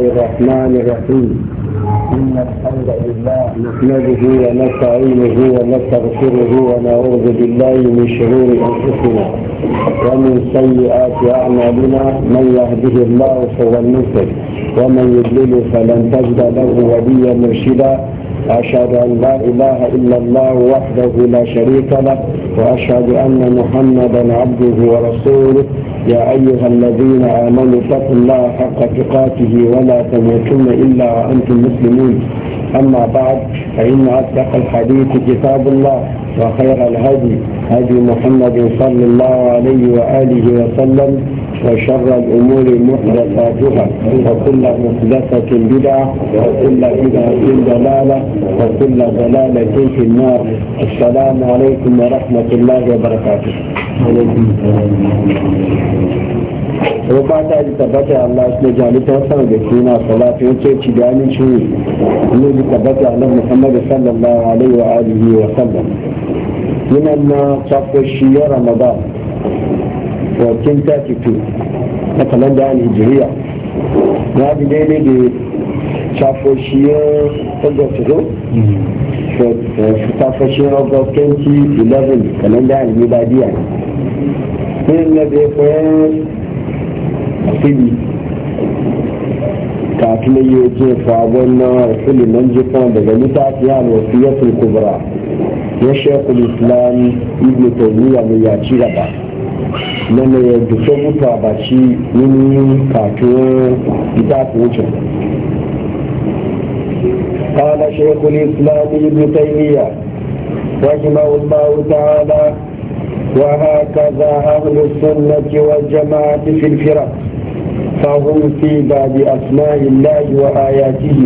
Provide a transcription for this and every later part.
الرحمن الرحيم إن الحمد لله نحمده ونستعينه ونستغفره ونعوذ بالله من شرور أنفسنا ومن سيئات أعمالنا من يهده الله فهو المهتد ومن يضلل فلن تجد له وليا مرشدا وأشهد أن لا إله إلا الله وحده لا شريك له وأشهد أن محمدا عبده ورسوله يا أيها الذين آمنوا اتقوا الله حق تقاته ولا تموتن إلا وأنتم مسلمون أما بعد فإن أصدق الحديث كتاب الله وخير الهدي هدي محمد صلى الله عليه وآله وسلم وشر الأمور محدثاتها وكل محدثة بدعة وكل بدعة ضلالة وكل ضلالة في النار السلام عليكم ورحمة الله وبركاته وعليكم السلام وبعد أن تبتع الله اسم جاني تحسن بكينا صلاة وچه چجاني چهي اللي تبتع الله محمد صلى الله عليه وآله وسلم من أن صف الشيء رمضان 1932 na kalanda alhijiriya na bi daidai da shafoshiyar august ko shafoshiyar august 2011 kalanda alhijiriya ne yin na bai koyan asili kafin yi ce fagon na rasuli nan jikon daga littafiyar wasu yasul kubra ya shekul islam ibn taymiya mai yaci gaba na mai yadda so mutu a baki wani kato ita ku wuce kala shekul islami ibn taymiya wa jima wallahu ta'ala wa haka za ahlus sunnati wal jama'ati fil firaq فهم في باب أسماء الله وآياته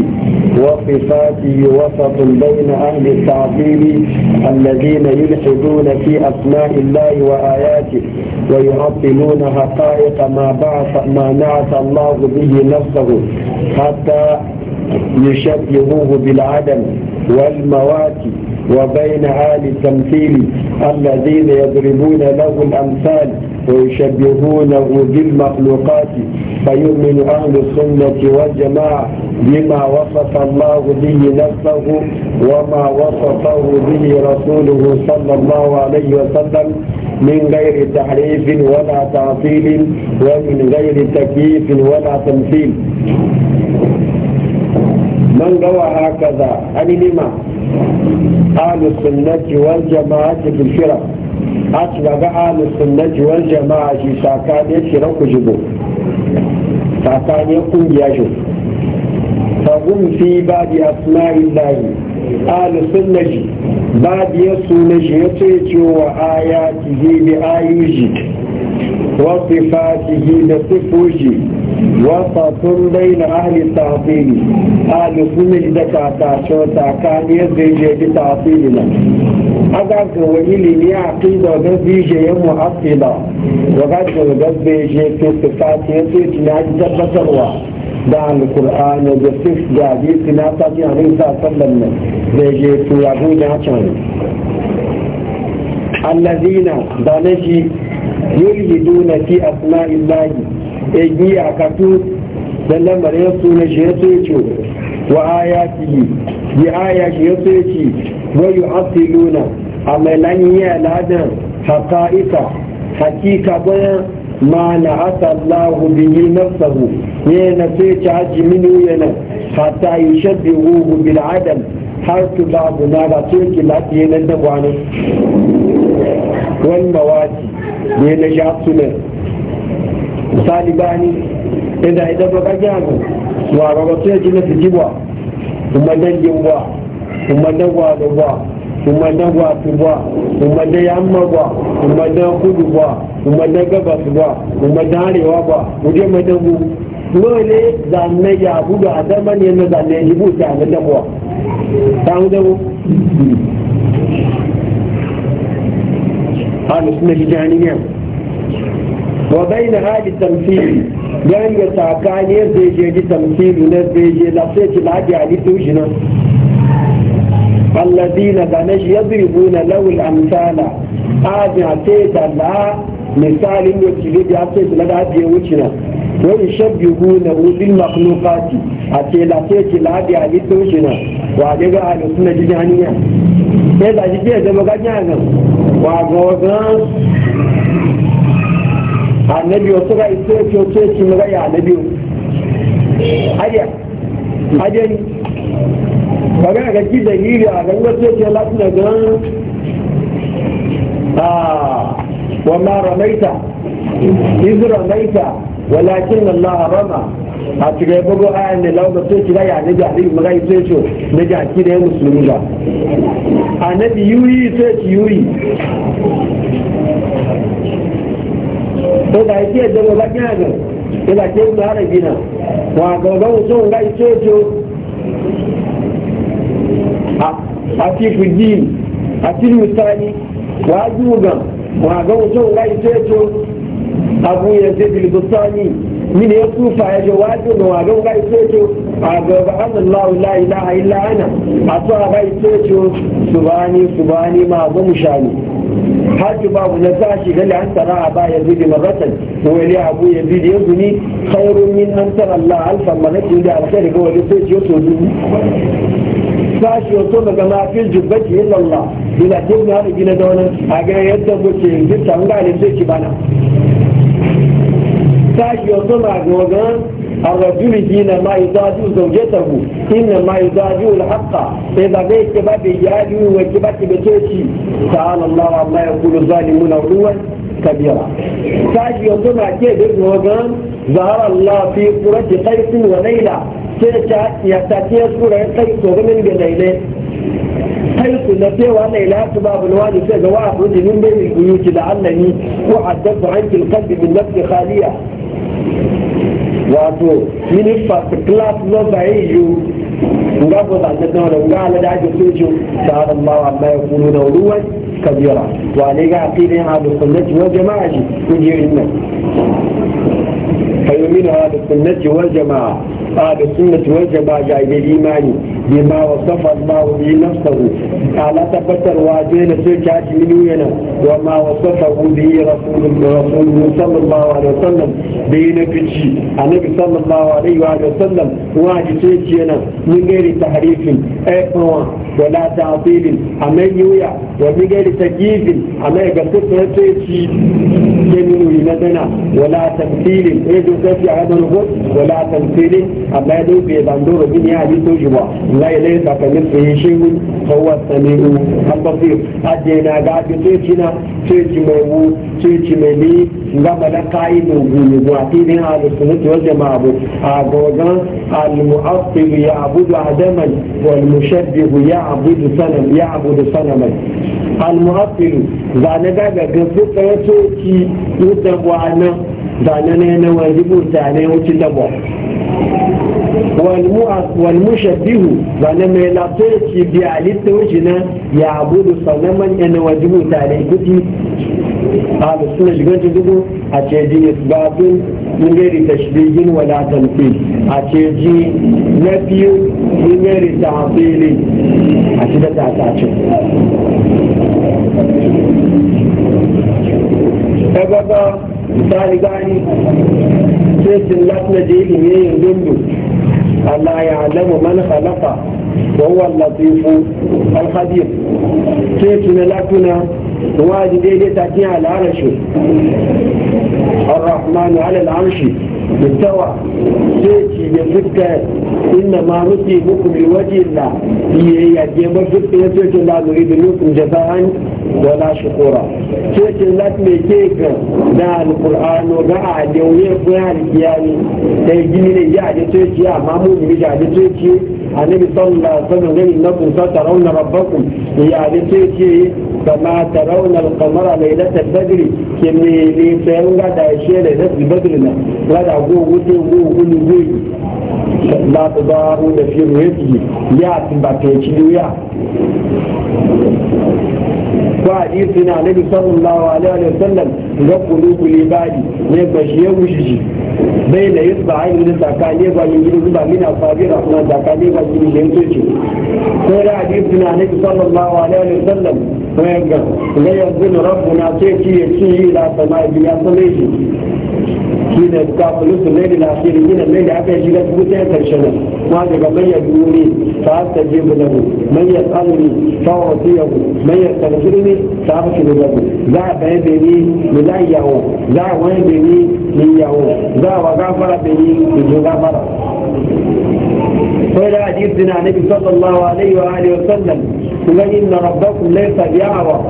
وصفاته وسط بين أهل التعطيل الذين يلحدون في أسماء الله وآياته ويعطلون حقائق ما بعث ما نعت الله به نفسه حتى يشبهوه بالعدم والموات وبين آل التمثيل الذين يضربون له الأمثال ويشبهونه بالمخلوقات فيؤمن أهل السنة والجماعة بما وصف الله به نفسه وما وصفه به رسوله صلى الله عليه وسلم من غير تحريف ولا تعطيل ومن غير تكييف ولا تمثيل من روى هكذا عن لما أهل السنة والجماعة في الفرق أطلق أهل السنة والجماعة في ساكانية فرق جبو يقوم قنجاجو فهم في بعض أسماء الله أهل السنة بعد يسو نجيته وآياته بآيوجي وصفاته لصفه وسط بين أهل التعطيل أهل سنة دكا تاشو تاكان يزيجي بتعطيلنا أقعد وإلي لي عقيدة وغزيجي يمو عقيدة وقعد وغزيجي في صفات يزيجي نعجي تبتروا da alkur'an da sif da hadisi na tafi a nisa sallan nan da yulhiduna fi asma'illahi egiya katu da lamarin ya suna shi ya ce wa ayatihi bi aya shi ce wa yu'assiluna amma ya ladan haqa'iqa hakika bayan ma na asa Allah bihi ne na sai ci haji minu yana hatta yushabbihu bil adam har tu babu na ba sai ki lafiye nan da wani wal mawati da yana shi absunan misali bani inda idan ba kake hannu wa ba wasu ya gina su jibwa kuma dangin wa kuma dangwa da wa kuma dangwa su wa kuma dan yamma wa kuma dan kudu wa kuma da gabas wa kuma da arewa wa kuje mai dangu dole zanne ya buga a zaman yadda zanne ya jibu ta ga dangwa ta hudu قال اسم جهنية وبين هذه التمثيل جان يتعكان يزيجي دي تمثيل ونزيجي لصيت العدي عليه توجنا الذين بنج يضربون له الأمثال آدي عتيت الله مثال يتجلد عتيت لدعدي وجنا ويشبهونه المخلوقات عتيت لعدي عليه توجنا وعليك أهل السنة جهنية sai da shi ke zama nan wa ga wajen annabi wasu ga iso ce ce mu ga ya annabi hadiya hadiya ni magana ga ki a ganin wasu ce na gan wa ramaita ramaita walakin Allah rama a cikin gogo ayan ne lauga to kira ya ne da alibi magai to ne da ki da musulmi ba annabi yuri to ki yuri to da yake da ba kina ga ila ke mu harabi na wa gogo to ngai to a a ti fuji a ti mutani wa duga wa gogo to ngai to abu ya zai bilbustani mine ya tufa ya je wajen da wajen ga iso ce a gaba annallahu la ilaha illa ana a tsara ga iso ce subani subani ma ga mushani hajji babu na tashi gali an tara a ba ya zubi maratan wani abu ya bi da ya zuni khairun min an tara Allah alfa marakin da alkhairi ga wani sai ce to dubu sashi wato daga mafil jubbaki illa Allah bila jibna har gina da a ga yadda muke gita an ga ne ki bana kashi yau suna الرجل الرجل ما يضاجع زوجته انما يضاجع الحق اذا بيت باب يجاجع وكبت بتوشي تعالى الله الله يقول الظالمون علوا كبيرا ساجي يوضنا كيف يوضان ظهر الله في قرة قيس وليلة سيشات يتاتي قرة قيس ومن بليلة حيث نبي وانا الى سباب الوالي سيجا واحد من بين البيوت لعلني وحدثت عنك القلب من نفس خالية wato mini class lo bai yu nga ko da ta tawo nga la da ji sojo ta Allah wa ma yakunu da ruwan kabira wa ne ga aqidin ha da sunnati wal jamaa ji kun inna fa yu'minu ahlus sunnati wa jamaa da sunnati wa jamaa ga imani bai ba wa safar ma wa bi nafsahu ala tabbatar wa je na sai ka ji ni yana wa ma wa safar bi rasulun da rasulun sallallahu alaihi wasallam bai na kici annabi sallallahu alaihi wasallam wa ji sai ki yana mun gairi tahrifin ai kuma wala ta'tilin amma yuya wa min gairi takyifin amma ga kusa ce ci keminu yi dana wala tamthilin eh do sai ya ga ko wala tamthilin amma do be bandoro bin ya ji to jiwa la ile ta kamin sai shi mun huwa samiu al basir ajena ga ce ci na ce mai wu ce mai ni nga bala kai no gulu wa ti ne a da sunnati wal jama'a bu a gogan al mu'attil ya'budu adaman wal mushabbih ya'budu sanam ya'budu sanaman al mu'attil zane daga ga fuka yato ki yuta bwana zane ne na wani wajibu tane wuce dabwa walmushabihu zane mai ci biya halitta wuce na ya abudu sannan man yana wajibu tare kuti ahlus suna shigan ta dubu a ce ji isbatun min gairi tashbihin wala tamthil a ce ji na biyu min gairi ta'fili a ci da ta tace Ta misali gani sai sun lafiya da ilimi yin dundu Allah ya alamu man khalaqa wa huwa al-latif al-khabir kuma ji daidai ta tiya al'arashi الرحمن على العرش بالتوى سيتي يفكر إنما نصيبكم لوجه الله يجيب فكر يسير الله نريد منكم جزاء wala shukura ke ce lat me ke ga da alquran ga a je ko ya alkiyani dai gini ne ya je to ci amma mu ne ya je to ci annabi sallallahu alaihi wasallam ne na kun ta tarawna rabbakum ya je to ci kama tarawna alqamara laylata albadr ke da da ya ba ta ya ko hadisi na nabi sallallahu alaihi wa sallam ga kulubu libadi ne bashi ya bai na yusba ainihin da tsakani ba yin gidi zuba mina fabi rahman tsakani ba gidi shi ko da hadisi na nabi sallallahu alaihi wa sallam ko ya ga yanzu rabbuna shi حين يبقى ثلث الليل الأخير من الليل حتى يجيب بوتا كرشنا ما جاء من يدعوني فأستجيب له من يسألني فأعطيه من يستغفرني فأغفر له ذا بيني لله ذا وين بيني لله ذا وغفر بيني لجغفر فإلى حديثنا النبي صلى الله عليه وآله وسلم قل إن ربكم ليس بأعور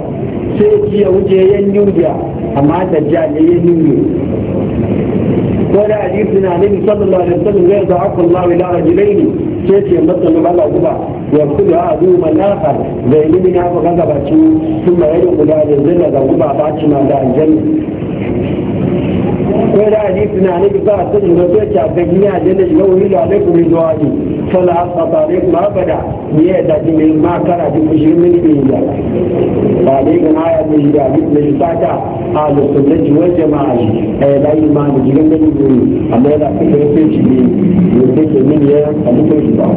sai ya wuce yan nubiya amma dajjal ne ولا حديث عليه صلى الله عليه وسلم لا يضعف الله الى رجلين كيف يمثل الله غبا ويقول عدوما اخر زي من هذا غضب ثم يدخل على الجنه غبا بعد ما دعا الجنه ko da hadisi na ne ba ta ne wato ta ga gina da ne ga wuri da ne kuma zuwa ni a asata ne ma bada ne yi ji mai ma da ji kushi min ne ya ba ne ga na ya ne da ne ne fata ahlu sunnati wal jamaa eh da iman ji ga ne ne amma da kuma sai shi ne ne ke min ya amma ko shi ba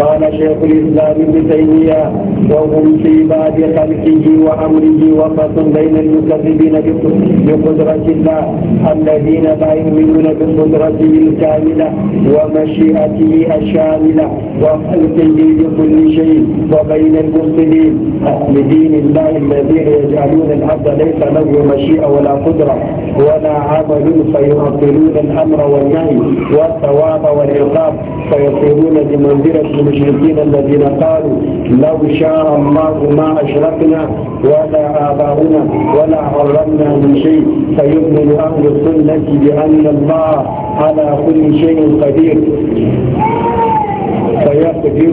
قال شيخ الإسلام ابن تيمية وهم في باب خلقه وأمره وقت بين المكذبين بقدرة الله الذين لا يؤمنون بقدرته الكاملة ومشيئته الشاملة وخلقه لكل شيء وبين المفسدين لدين الله الذين يجعلون العبد ليس له مشيئة ولا قدرة ولا عمل فيعطلون الأمر والنهي والثواب والعقاب فيصيرون بمنزلة المشركين الذين قالوا لو شاء الله ما أشركنا ولا آباؤنا ولا حرمنا من شيء فيؤمن أهل السنة بأن الله على كل شيء قدير فيقدر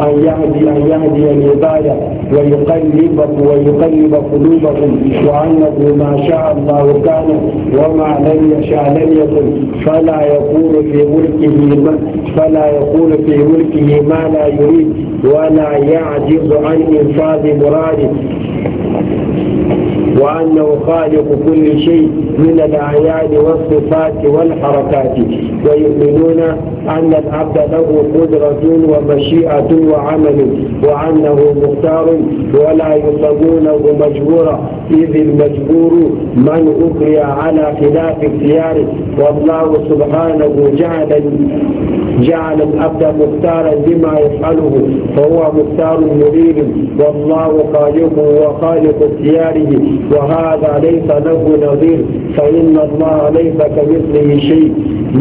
أن يهدي أن يهدي العبادة ويقلب ويقلب قلوبكم وأنه ما شاء الله كان وما لم يشاء لم يكن فلا يقول في ملكه ما فلا يقول في ملكه ما لا يريد ولا يعجز عن إنفاذ مراده وأنه خالق كل شيء من الأعيان والصفات والحركات ويؤمنون أن العبد له قدرة ومشيئة وعمل وأنه مختار ولا يصدونه مجبورا إذ المجبور من أكري على خلاف اختياره والله سبحانه جعل جعل العبد مختارا لما يفعله فهو مختار مريد والله خالقه وخالق اختياره وهذا ليس له نظير فإن الله ليس كمثله شيء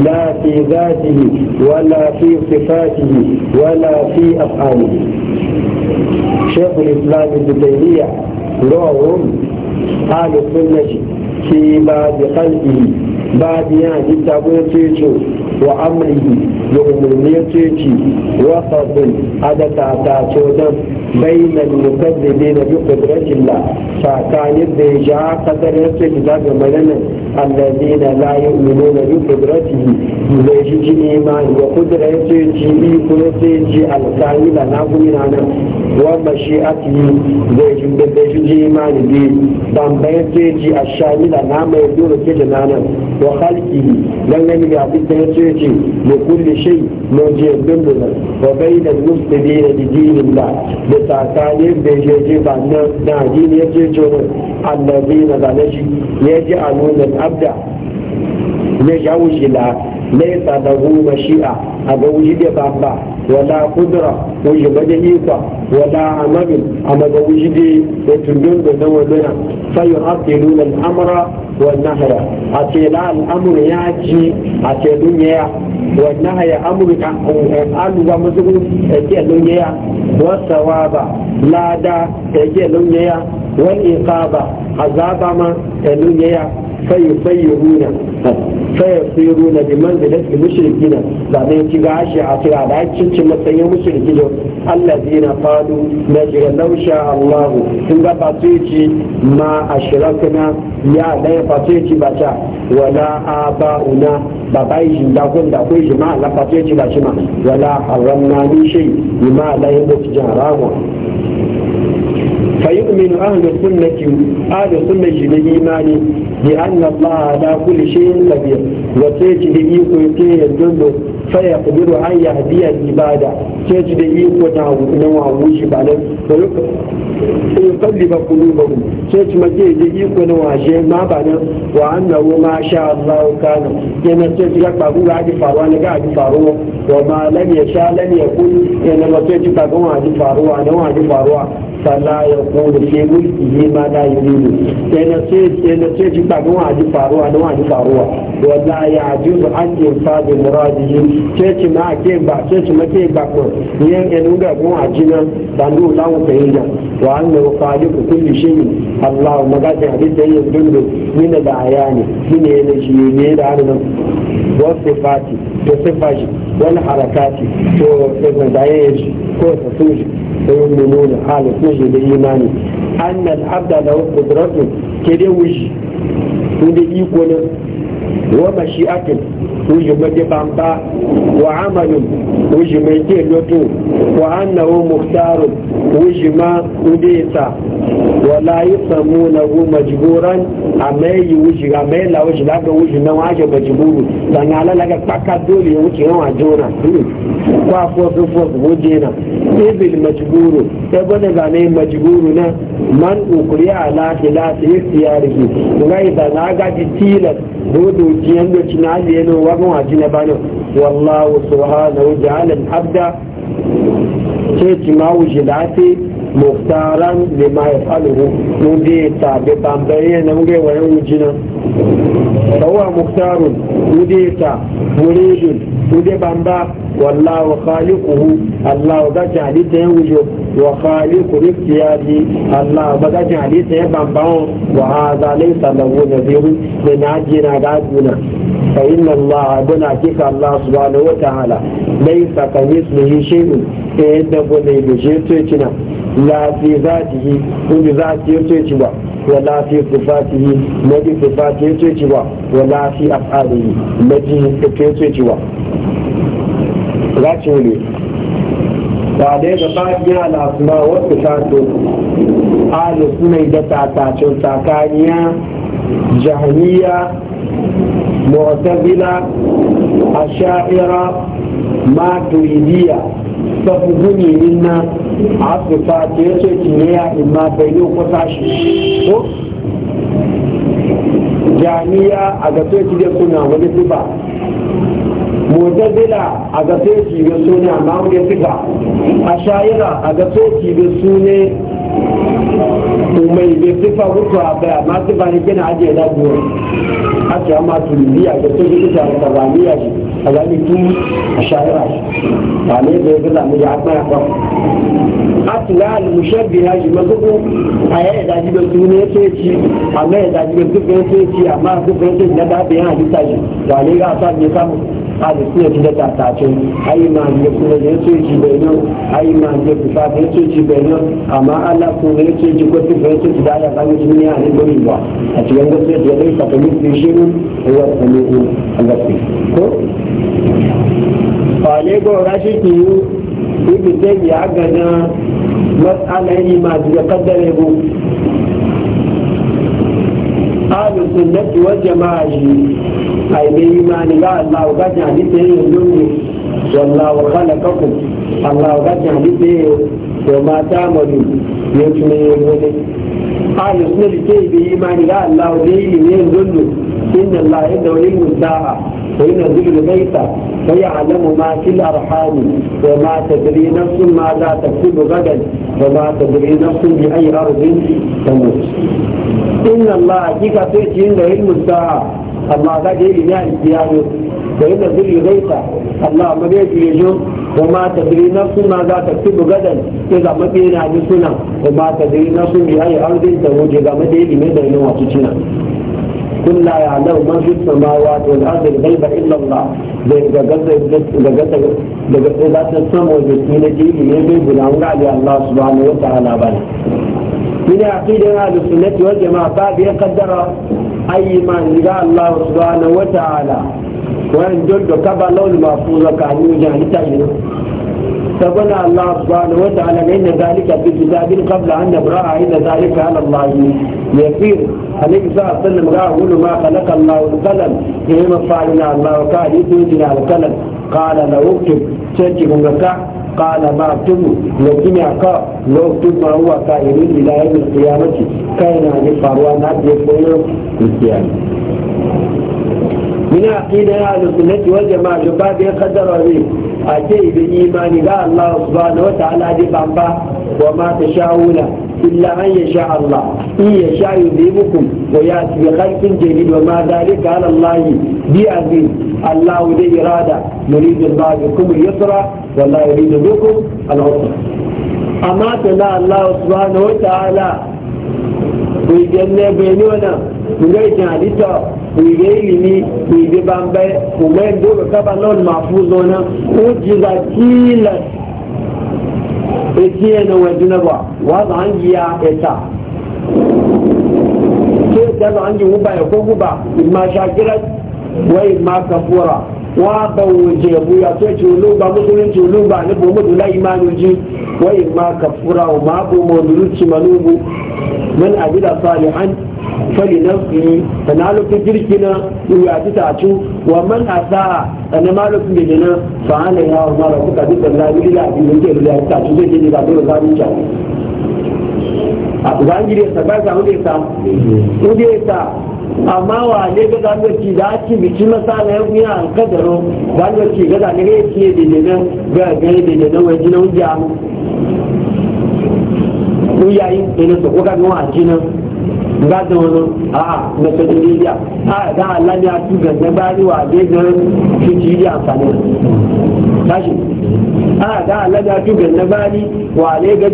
لا في ذاته ولا في صفاته ولا في أفعاله شيخ الإسلام ابن تيمية لوهم أهل السنة في بعد خلقه بعد يعني تابوتيتو wa amrihi da umarni ceci wa sabbin adata ta codan bainan ne na bi kudratin la tsakanin da ya ja kasar yasa ki zaga maganin na la na bi kudratihi da shi ji imani ma ya yasa ci iko yasa ci alkamila na gumina nan wanda shi ake yi zai shi bai shi ji imani bi bambaye sai ji a shani da na mai duro ke da nanan to halki nan ne ga abin ya ce ce mai kulle shi mun je dindin da ba bai da musulmi da dijinin ba da tsakani bai shi ji ba na da ya ce ce annabi na zane shi ya ji a nuna abda ya ja wuce a ga da bamba wala kudura wuyi bada isa wala amalin amma ga wuyi dai da tundun da nawa dana sayu aqilu al amra wal nahya a ce la al amru ya ci a ce dunya wal nahya amru ka alu ba musu ke dunya wa sawaba lada ke dunya wal iqaba azaba ma ke dunya فيصيرون فيصيرون بمنزلة المشركين بعدين تيجي عشرة عشرة على عشرة hukuncin matsayin mushirki da Allah zina falu na jira lausha Allahu sun ga fasuci ma a shirakuna ya ɗaya fasuci ba ta wala a ba'una ba bai shi da kun da kun shi ma Allah fasuci ba shi ma wala haramna ni shi ma Allah ya mutu jarawa فيؤمن أهل السنة أهل السنة بالإيمان لأن الله على كل شيء قدير wace ci da iko ce yanzu da faya kudiru an ya hadiya ibada ce ci da iko ta na wawu shi ba nan da ba kulu ba ku ce ci mace da iko na washe ma ba nan wa na ma sha Allah yana ci ga faruwa ne ga ji faruwa wa ma lam sha lam kun yana mace ci faruwa na wa faruwa fala ya kone ke mulki ne ma da yi ne na ce ji kafin wani faruwa na wani faruwa Wala ya ji su an ke muradi yi ce ci ma ke ba ce ci ma ke ba ko yan yan ga kun a ji nan ba ndu la mu kai nan wa an ne fali ku kulli shi Allah magana hadisi yin dundu ni da ayani ne ne shi ne da nan wani sifati to sifaji wani harakati to ɗaya ya ji ko ta suji ta yi mununa hali suji da imani annan abda da wasu kudurattun ke dai wuji inda iko na wa mashi'atin wuji mace ba wa amalin wuji mai ke lotu wa annahu muhtarun wuji ma udesa wala yusamu lahu majburan amayi wuji amayi la wuji la ga wuji na waje majburu dan ala la ga pakka dole wuji na wajona wa fosu fosu na ibil majburu ya bane zane majburu na man ukuri ala khilati ikhtiyarihi ngai da na ga ji tilas hudu jiyan da cina ne no wa na bano wallahu na wuce halin abda ce ci ma wuce lati muftaran lima ya faluhu mun dai bambaye na mun ga wuce wujina فهو مختار وديتا مريد ودي بامبا والله خالقه الله بجع عليه وجوه وخالق الاختياري الله بجع عليه بامبا وهذا ليس له نذير من عجنا قادنا فإن الله بنا كيف الله سبحانه وتعالى ليس كمثله شيء فإنه بني بجيتنا لا في ذاته وبذاته يرتوي wala fi sifatihi bi sifati yace ce wa wala fi af'alihi maji sifati ya ce wa racin ne ba da ba biya na al'asma wasu sato alu suna da tatacin tsakaniya jahiliya mu'tazila asha'ira maturidiya sabu guni minna asusa ce ya ce kimiyya imma bai yi kusa shi ko jami'a a ga sai da suna wani sifa mutazila a ga sai ki da suna amma wani tuba a shayira a ga sai ki da sune mai da tuba hutu a baya ma sifa ne kina ajiye na buwa a ce amma tulubiya ga sai ki da sabaniya shi alali tun a aya ba ne da ya gaza mu da akwai atula al ya ji mazuku a ya yi daji da su ne ya ci amma ya daji da duk ya ci amma duk ya ci na da bayan hadisa shi ba ne ga sa ne samu ahli sunna da ta ta ai ma ne kuma ne ce ji bai nan ai ma ne ku fa ne ji bai nan amma Allah ku ne ce ji ko su ne ji da ya ga mu ne a ne gori ba a cikin gaskiya da dai ka tabbata shi ne wa sami'u Allah ko fale go rashi ki yu ibi sai ya ga na mas'alan imani da kaddare go ahlus sunnati wal jama'a àìlè ìmáni bá aláwọ̀ gájì àdíṣe èèyàn lónìí wọ̀láwọ̀ kálẹ̀ kọ́kù aláwọ̀ gájì àdíṣe èèyàn wọ̀ máa táàmọ̀lù yóò tún lè yẹ wọlé. ayọ̀ sínú ìdíje ìdè ìmáni bá aláwọ̀ lé ìlú lónìí إن الله يدعو للمساء وينزل البيت ويعلم ما في الأرحام وما تدري نفس ماذا تكسب غدا وما تدري نفس بأي أرض تموت إن الله كيف تأتي عنده المساء amma za da yi ne a kiyano da yadda zuri gaita amma amma bai fiye jo wa ma ta zuri na suna za ta fi gadan sai ga mafi yana ji suna wa ma ta zuri na su bi ayi arzin ta wuce ga mafi yi ne da yi wasu cina kun la ya lau man fi samawa to da arzin gaiba ba da ga gasa da gasa daga sai da ta samu da su na ji ne bai guda wani Allah subhanahu wa ta'ala bane من عقيدة أهل السنة والجماعة باب يقدر أي من لقى الله سبحانه وتعالى وإن جلد كبا لون محفوظ كان يوجد تجنه فبنى الله سبحانه وتعالى إن ذلك في كتاب قبل أن نبرأ إن ذلك على الله يسير النبي صلى الله عليه وسلم قال ما خلق الله القلم إنما فعلنا الله وكان يسجد على القلم قال لو اكتب تجد مكة قال ما اكتبه لكن يعقا لو اكتب ما هو كائن الى يوم القيامه كان عن فروان عبد يقول القيامه من عقيدة أهل السنة والجماعة شباب يقدر به أتي بالإيمان قال الله سبحانه وتعالى دي بامبا وما تشاؤون إلا أن يشاء الله إن يشاء يذيبكم ويأتي بخلق جديد وما ذلك على الله بعزيز الله ذي إرادة نريد الله بكم اليسرى wallahi yari da zuku na allah subhanahu wa ta'ala ku yi janne bai wannan ku ga ikin halitta ku yi ga ilimi ku wuba ya ko guba in ma shakirar wa bawo jebu ya to ci olugba musulunci olugba ni bo mudu la imanu ji wa imma kafura wa ma bo mo duruci manubu man abida salihan fali nafsi tanalu fi jirkina ya ji ta cu wa man asa ana malu fi jirkina fa ana ya wa mara kuka bi sallahi ila bi mun ke da ta cu zai ji da dole za mu a ku ga ngire sa ga sa mu de sa mu de sa amma wa ga zanuwa da ake biki masala yau yana alkadaro zanuwa ci ga ya ce da nan ga gare da nan wai jinan wuja mu yayi na sako ga wa jinan ga da wani a na sako ne a da Allah ya ci ga da bari wa ga shi ci ya amfani a da Allah ya ci ga da bari wa ga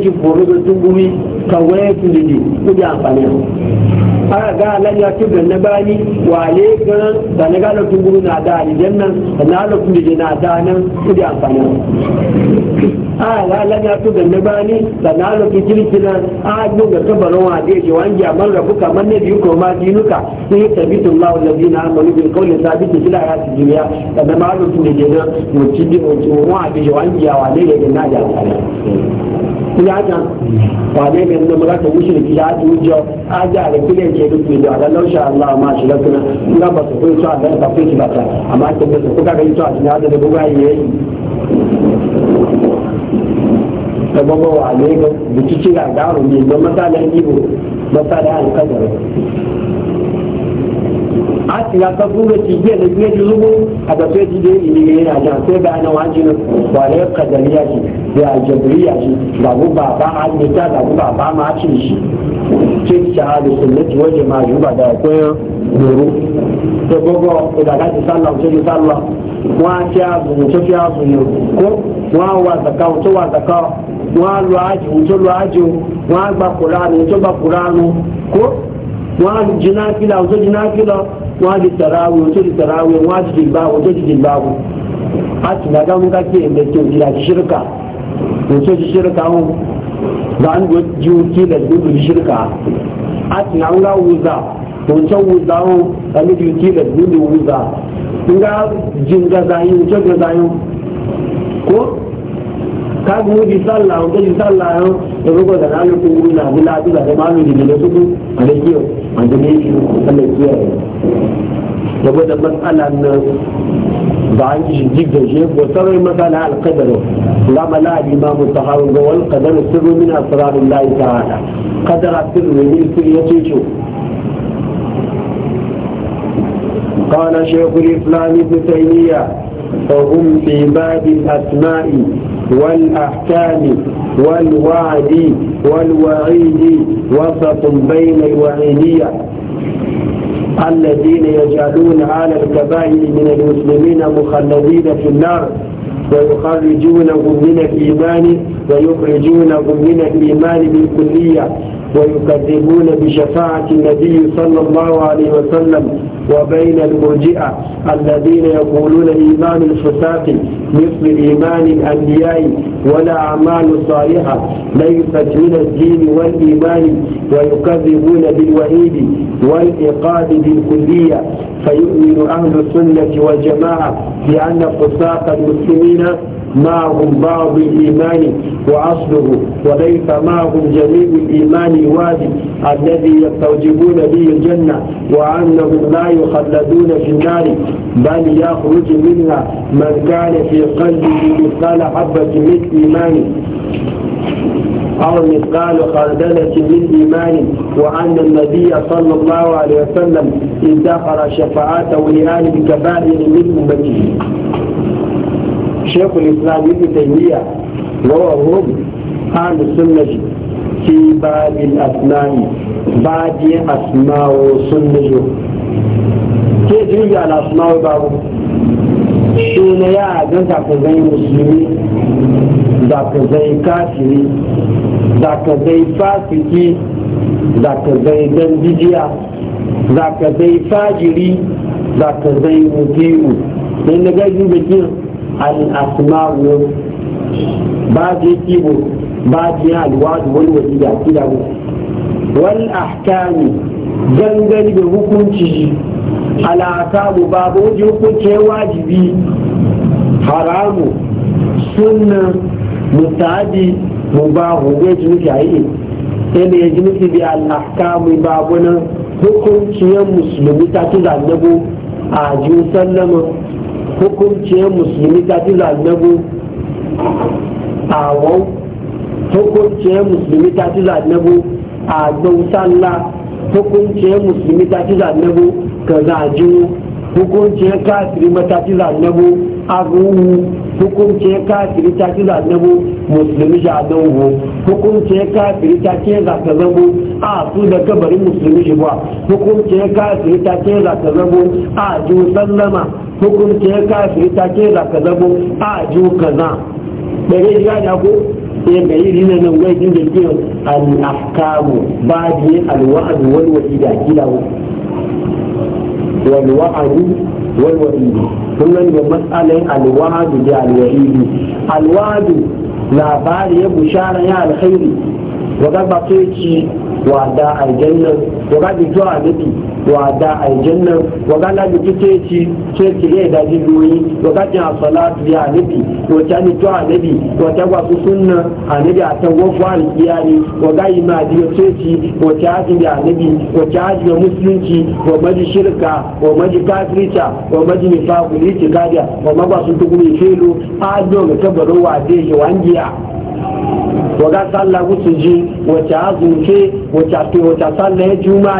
kawai ku amfani har ga ya ci da nabani wale gan da na ga lokacin guru na da nan da na lokacin da na da nan su da amfani a la ya to da ne bani da na lo ki kirki na a ju ga kabarin wa dai ji wangi amman rabu kaman ne biyu ko ma dinuka sai tabitu Allah alladhina amanu bil qawli thabit fil a dunya da na ma lo ki da mu ci di mu ci wa dai ji wangi wa ne yake na ja ta ya ta wa ne ne mu ga ta da ya ji ujo a ja da kire ke duk da Allah insha Allah ma shi da kuna ba su ko ta da ba su ba ta amma ko ba su ko ga ita da da bugaye yayi ta gaba wa alaikar da cikin gagarumin don matsalar ibo matsalar alkadar a ti ya ka kuma ci je da biye ji zubu a da sai ji da ne na da sai ba na waji ne ba ne kadariya ji da jabriya ji da bu ba ba a ne ta da ba ba ma ci shi ce shahadu sunnati wa jama'a juba da koyo gogo da sallah ce sallah wa wa wa wa wa wa gba ko wa wọ́n di tẹ̀ráwé ojú di tẹ̀ráwé wọ́n di dìgbàwó ojú di na gamu ka ke da to gida shirka to shirka hun da an go ji ki da gudu shirka a na ga wuza to ce wuza hun da ni ki da gudu wuza inga jin ga zayi to ga zayi ko ka gu di sallah ko di sallah yo ko da na lu ku na bi la da ma lu di ne su ku ale kiyo wanda ne shi Allah kiyaye game da matsala na ba an yi shi da shi ko sarai matsala alƙadar la mala al-imamu tahawi ga wal qadar sirru min asrarin lahi ta'ala qadara sirru ne sirri ya ce قال شيخ الإسلام ابن تيمية فهم في باب الأسماء والأحكام والوعد والوعيد وسط بين الوعيدية الذين يجعلون على الكبائر من المسلمين مخلدين في النار ويخرجونهم من الإيمان ويخرجونهم من الإيمان بالكلية ويكذبون بشفاعة النبي صلى الله عليه وسلم وبين المرجئة الذين يقولون إيمان الفساق مثل إيمان الأنبياء ولا أعمال صالحة ليست من الدين والإيمان ويكذبون بالوعيد والإيقاد بالكلية فيؤمن أهل السنة والجماعة بأن فساق المسلمين معهم بعض الإيمان وأصله وليس معهم جميع الإيمان الواجب الذي يستوجبون به الجنة وأنهم لا يخلدون في النار بل يخرج منها من كان في قلبه مثقال حبة من إيمان أو مثقال خردلة من إيمان وأن النبي صلى الله عليه وسلم ادخر شفاعته لآل الكبائر من أمته شيخ الإسلام ابن تيمية وهم أهل السنة في باب الأسماء بعد أسماء سنة ke jirgi ala suna babu shi ne ya ga zakazai musulmi zakazai kafiri zakazai fasiki zakazai dan bijiya zakazai fajiri zakazai mutiyu don na gaji da kin al'asma'u ba je kibo ba je alwadu wani wani da wani wal ahkami gangani da hukunci al'akabu babu wajen hukunce wajibi haramu sunna mutaji mubahu ya ji nufi a yi yana ya ji nufi bi al'akamu babu nan hukunciyar musulmi ta ci zannabu a ji sallama hukunciyar musulmi ta ci zannabu a wau hukunciyar musulmi ta ci zannabu a gbausallah hukunciyar musulmi ta ci zannabu ka zaje hukunci ya kafiri mataki zannabu ruhu hukunci ya kafiri ta ci zannabu musulmi shi a dango hukunci ya kafiri ta ce za ka zabo a su da kabarin musulmi shi ba hukunci ya kafiri ta ce za ka zabo a ju sallama hukunci ya kafiri ta ce za ka zabo a ju kaza daga ya gada ko ya gari rina nan gwai jin da ke al-ahkamu ba biye al-wa'ad wal wa'ida kidawo والوعد والوعيد ثم مسألة الوعد جاء الوعيد الوعد لا بار يبشار يا الخير وقد بقيت وعداء الجنة وقد جاء بك wa da aljanna wa ga la ji ce ci ce ci ne da ji doyi wa ga jin salatu ya nabi wa ta ni to nabi wa ta wa sunna anabi a ta wa fa alkiyani wa ga ima ji ce ci wa ta ji ya nabi wa ta ji musulunci wa maji shirka wa maji kafirta wa maji nifaqu litikadiya wa ma ba su tukuni wa wa ga sallah wa wa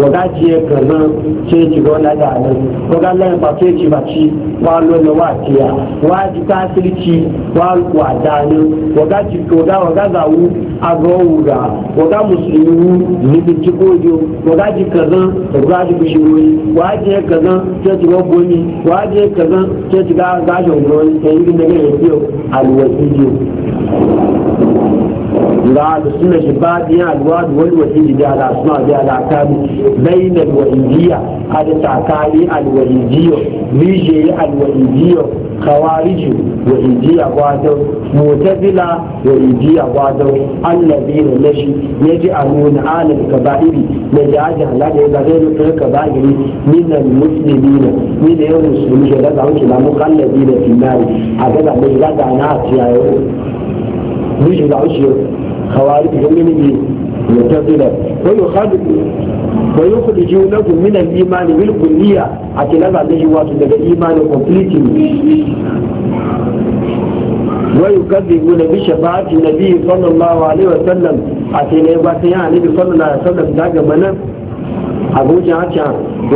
wọ́gá tiẹ̀ kẹ̀lẹ́ ṣé ti lọ lájà rẹ̀ a wà ti قال السنة شباب يا الواد والوحيد يا الأسماء يا الأعكام بين الوحيدية هذا تعكاري الوحيدية ميجي الوحيدية خوارج وإيديا وادو معتزلة وإيديا وادو الذين نجي يجعلون على الكبائر نجاج على غير الكبائر من المسلمين من يوم المسلمين لدى وكلا مخلدين في النار هكذا مجلد عناصر يا يوم مجلد عناصر خوارج من المعتزلة ويخرج ويخرجونكم من الإيمان بالكلية حتى لا تعلموا واسو من الإيمان كومبليتي ويكذبون بشفاعة النبي صلى الله عليه وسلم حتى لا يبقى النبي صلى الله عليه وسلم ذاك منا أبو جعشع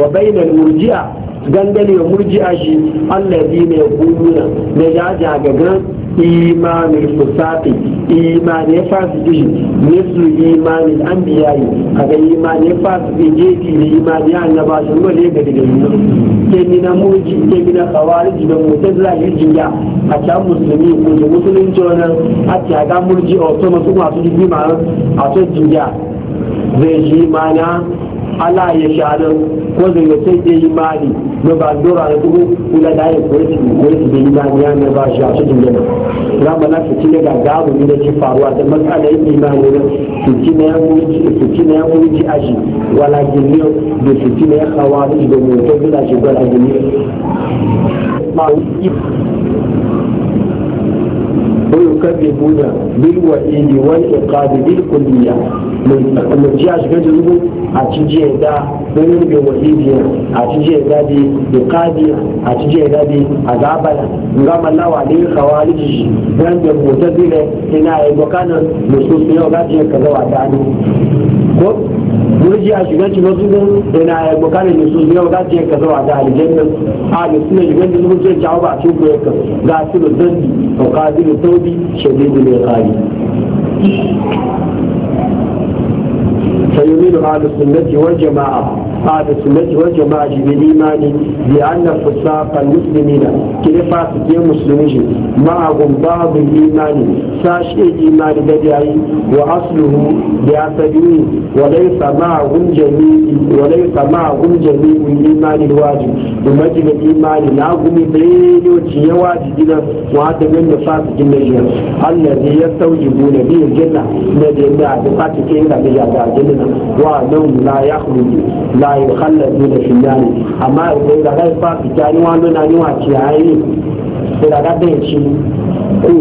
وبين المرجئة dangane wa murji'a shi allazi ne ya kulu na na jaja ga gan imanin musafi imanin fasiki mislu imanin an biyayi a ga imanin fasiki jeji da imanin annaba shi wale ga daga yi ke mina muji ke mina kawari da mutum za yi jiya a can musulmi ko da musulunci wani a ci ga murji a wasu masu masu jiki ma a to jiya zai yi mana ala ya shaɗin wanda ya sai ke yi mali na ba dora da dubu kula da ya koyi su koyi yi bai ya mai ba shi a cikin gina rama na su cire ga gabu ne da ci faruwa da matsala yin imani na su ci na ya mulki a shi wala giliyo da su ci ya hawa da shi da mutum gina shi wala giliyo. ويكذبون بالوعيد والعقاب بالكلية من جهة كذبوا àtijọ́ ẹ̀dá lórí ìgbè wọ̀lídìí àtijọ́ ẹ̀dá di ìkáàdì àtijọ́ ẹ̀dá di àzábàlà ngámaláwà ní kàwárí jìjì gbẹ́ngbẹ̀ mọ̀tọ́ bílẹ̀ iná ẹ̀gbọ́ kánà lòsòsì ọ̀gá ti ẹ̀kọ́ lọ́wọ́ àdáni. ko murji a shiga ci wasu ne yana ya bukatar da su ne ga ce ka zuwa da a da su ne shiga da su ce ba su ko yaka ga su da zandi to ka da taubi shaidu ne kari فيميل أهل السنة والجماعة أهل السنة والجماعة بالإيمان لأن فساق المسلمين كيف فاسقين مسلمين معهم بعض الإيمان ساش الإيمان بدعي وأصله بأسدين وليس معهم جميل وليس معهم جميل الإيمان الواجب بمجد الإيمان لهم بين وجي واجبنا وهذا من فاسقين الجنة الذي يستوجبون به الجنة الذي يدعى بقاتل كيف يدعى الجنة ونوم لا يخلو لا la yukhalladuna fi an-nar amma idan da kai fa kitani wando na ni wa ciyayi sai da ga ci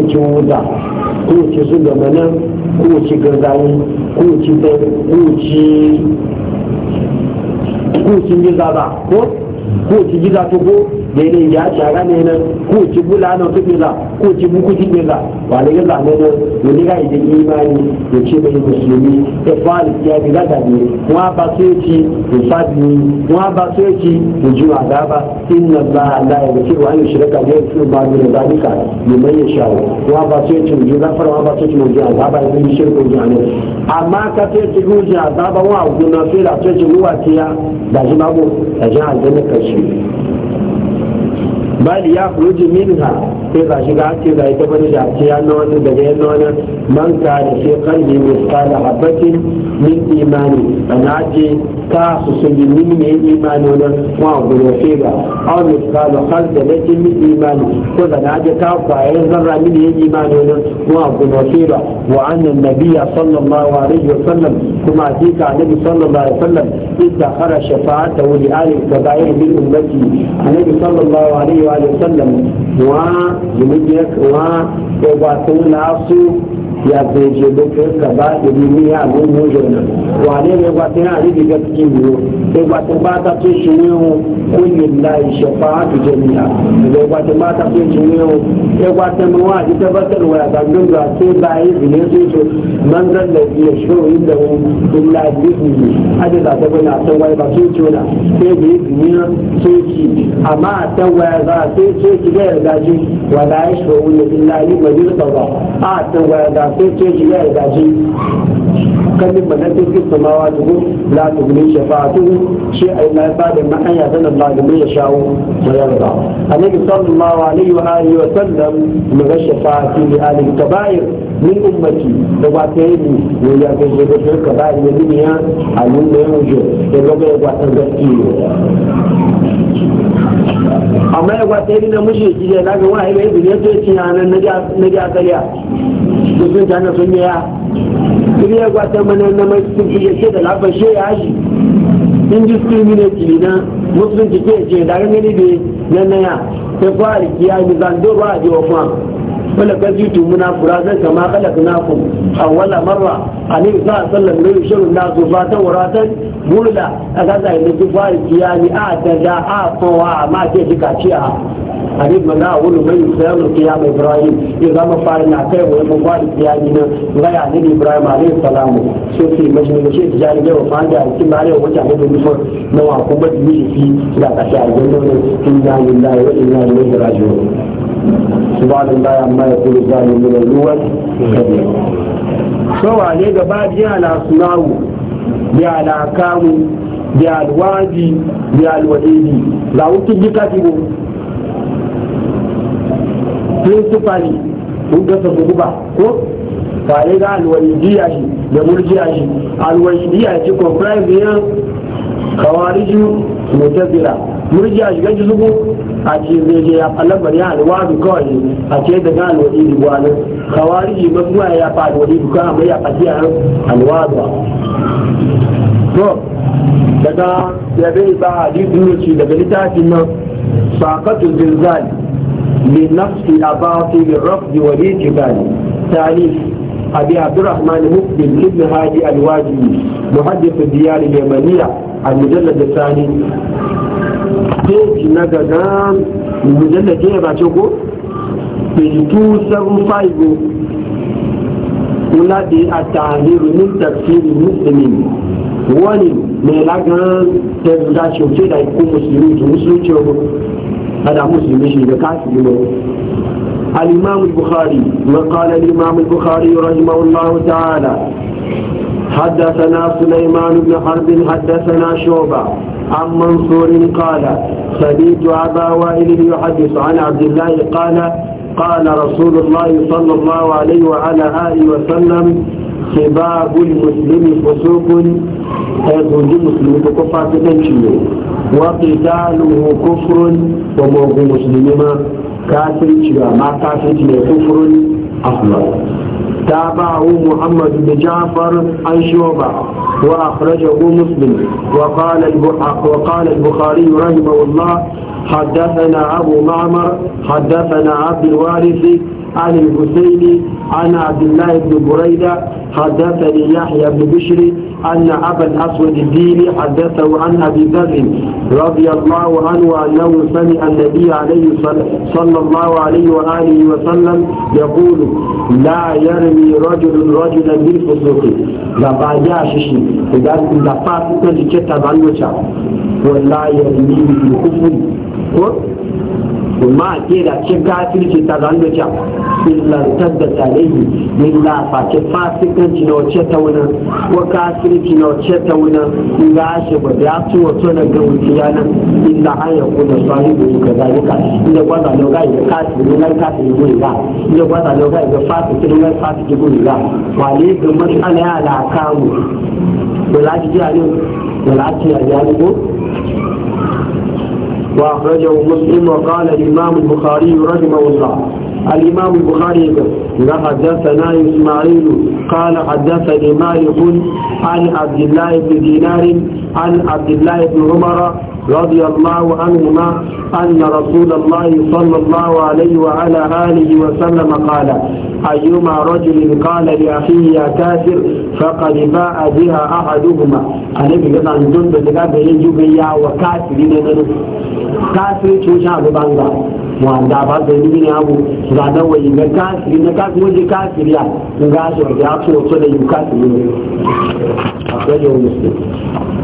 ci wuta ci su da mana ku ci gazayi ku ci dai ku ci ku ci ni zaba ko ko ci gida to ko da yanayin ya shara ne nan ko ci bula na su za ko ci buku ci bela ba da yalla ne nan wani ga idan imani ya ce bai musulmi ya fara ya bi da ne wa ba so ci ya sabi wa ba so ci ya ji wa da ba inna allaha la yaghfiru an yushraka bihi wa ma bi zalika liman yasha ko ba so ci ya gafara wa ba so ci ya azaba ya bi shirka ya ne amma ka sai ci guji a zaben wa guna sai ci guwa tiya da shi babu da shi kashi bal ya furuji minha sai za shiga ce za ita bari da ce ya na wani daga yana wani man ka da shi kalbi mai tsada habbatin min imani a na ce ta su sun yi min ne imani wani wa gudu sai ga awon mai tsada har da na ce min imani ko da na ce ta kwaye zarra min ne imani wani wa gudu sai ga wa annan nabiya sallallahu alaihi wa sallam kuma hakika annabi sallallahu alaihi wa sallam idda khara shafa'ata wa li ali kabair min ummati annabi sallallahu alaihi wa alaihi wasallam wa zunubiyar wa ko ba su nasu ya zai je lokacin ka ba da nemi ya abun mujo nan wane ne gwatin a yi ga cikin biyu sai gwatin ba ta ce shi ne hu kullum shafa shafa'atu jami'a sai gwatin ba ta ce shi ne hu sai gwatin mun wa ji tabbatar wa zangon da sai bayi zine su ce man zan da ya shiro inda hu illa ne aje da ta gwana ta wai ba su ce na sai yi zine su ci amma ta waya za sai ce ki ga yarda ji wala ya shiro illa bihi majlis ba a ta waya da تيجي يا إداجي kallin manafin fi samawa dubu la tugni shafa'atuhu shi ai la ba da ma'an ya sanan ba da ya shawo da yarda annabi sallallahu alaihi wa alihi wa sallam mu ga shafa'ati li ahli kabair min ummati da ba ta yi ne ya ga shi da shirka ba ya ni ya alun da yau je da ga ya gwatan gaskiya amma ya gwatan na mushi ji da ga wani ne da ya ce na na ga na ga mutum ta na sun ya kiri ya gwata mana na mai sun iya ce da shi ya shi indiscriminately na musulunci ke ce da ganin ne na na ya ta fara kiyaye zan do ba a je wa kuma falaka jitu muna furazan kama khalaqnakum awwala marra ani sa sallam ne yushiru na zubatan waratan mula aga da ne ku fari kiyani a da da a kowa ma ke dika ciya ani mana wulu mai sayamu kiyama ibrahim ya zama fari na kai wani ku fari kiyani na gaya ne ibrahim alayhi salamu so ki majnun shi tijani da wa da kin bare wata ta da for na wa kuma da miji fi da kasha da nan kin da lillahi wa inna ilaihi raji'un سبحان الله عما يقول الظالم من الأول سوى عليه قبال جاء الأصناو principally mun gasa su ko fare da alwaidiya shi da murjiya shi alwaidiya shi comprise yan kawariju mutabira murjiya shi gaji a ce zai je ya falamar ya alwadu kawai a ce da ga alwadi da gwani kawari ji mafuwa ya fa alwadi da kawai amma ya fashi a alwadu to daga ya bai ba a jikin ci daga littafin nan sakatu zirzali min nafsi a ba fi rafi wa ne jibali tarif أبي عبد الرحمن مقبل ابن هادي الواجبي محدث الديار اليمنية المجلد الثاني peji na gaga mujalla ke ba ce ko peji 275 kula da a tarihi min tafsirin musulmi wani mai lagan da da ce da ko musulmi to musulunci ko ada musulmi shi da kafiri ne al-imam al-bukhari wa qala al-imam al-bukhari rahimahullahu ta'ala حدثنا سليمان بن حرب حدثنا شعبة عن منصور قال سمعت أبا وائل يحدث عن عبد الله قال قال رسول الله صلى الله عليه وعلى آله وسلم خباب المسلم فسوق يزوج المسلم كفار تنشيه وقتاله كفر وموت مسلمما كافر ما كافر كفر أصلا تابعه محمد بن جعفر عن شعبة وأخرجه مسلم وقال وقال البخاري رحمه الله حدثنا أبو معمر حدثنا عبد الوارث عن الحسين عن عبد الله بن بريدة حدثني يحيى بن بشري أن أبا الأسود الديني حدثه عن أبي ذر رضي الله عنه أنه سمع النبي عليه صلى الله عليه وآله وسلم يقول لا يرمي رجل رجلا بالفسوق لا باجاشش لا شيء كتب عنه ولا يرمي بالكفر kuma a ke da cin kafirci ta zan da can illantar da tarihi lafa ce fasikanci na wace ta wunan ko kafirci na wace ta wunan in ga shi ba da su wato na ga wuce yanan illa an ya kuna sahibu da suka zalika inda gwaza lauga ya kafirci na kafirci guri ga inda gwaza lauga ya fasikin na fasikin guri ga wale ga matsala ya da kamu da lafiya ne da lafiya ya ne ko وأخرجه مسلم وقال الإمام البخاري رحمه الله الإمام البخاري حدثنا إسماعيل قال حدثني مالك عن عبد الله بن دينار عن عبد الله بن عمر رضي الله عنهما أن رسول الله صلى الله عليه وعلى آله وسلم قال أيما رجل قال لأخيه يا كافر فقد باء بها أحدهما أنا بقيت عن جنب تقابل يجب يا وكافر كافر تشوشا ببانغا wanda ba da yi ne abu ga كافر wai كافر kafiri كافر يا wajen يا ya ga shi da ya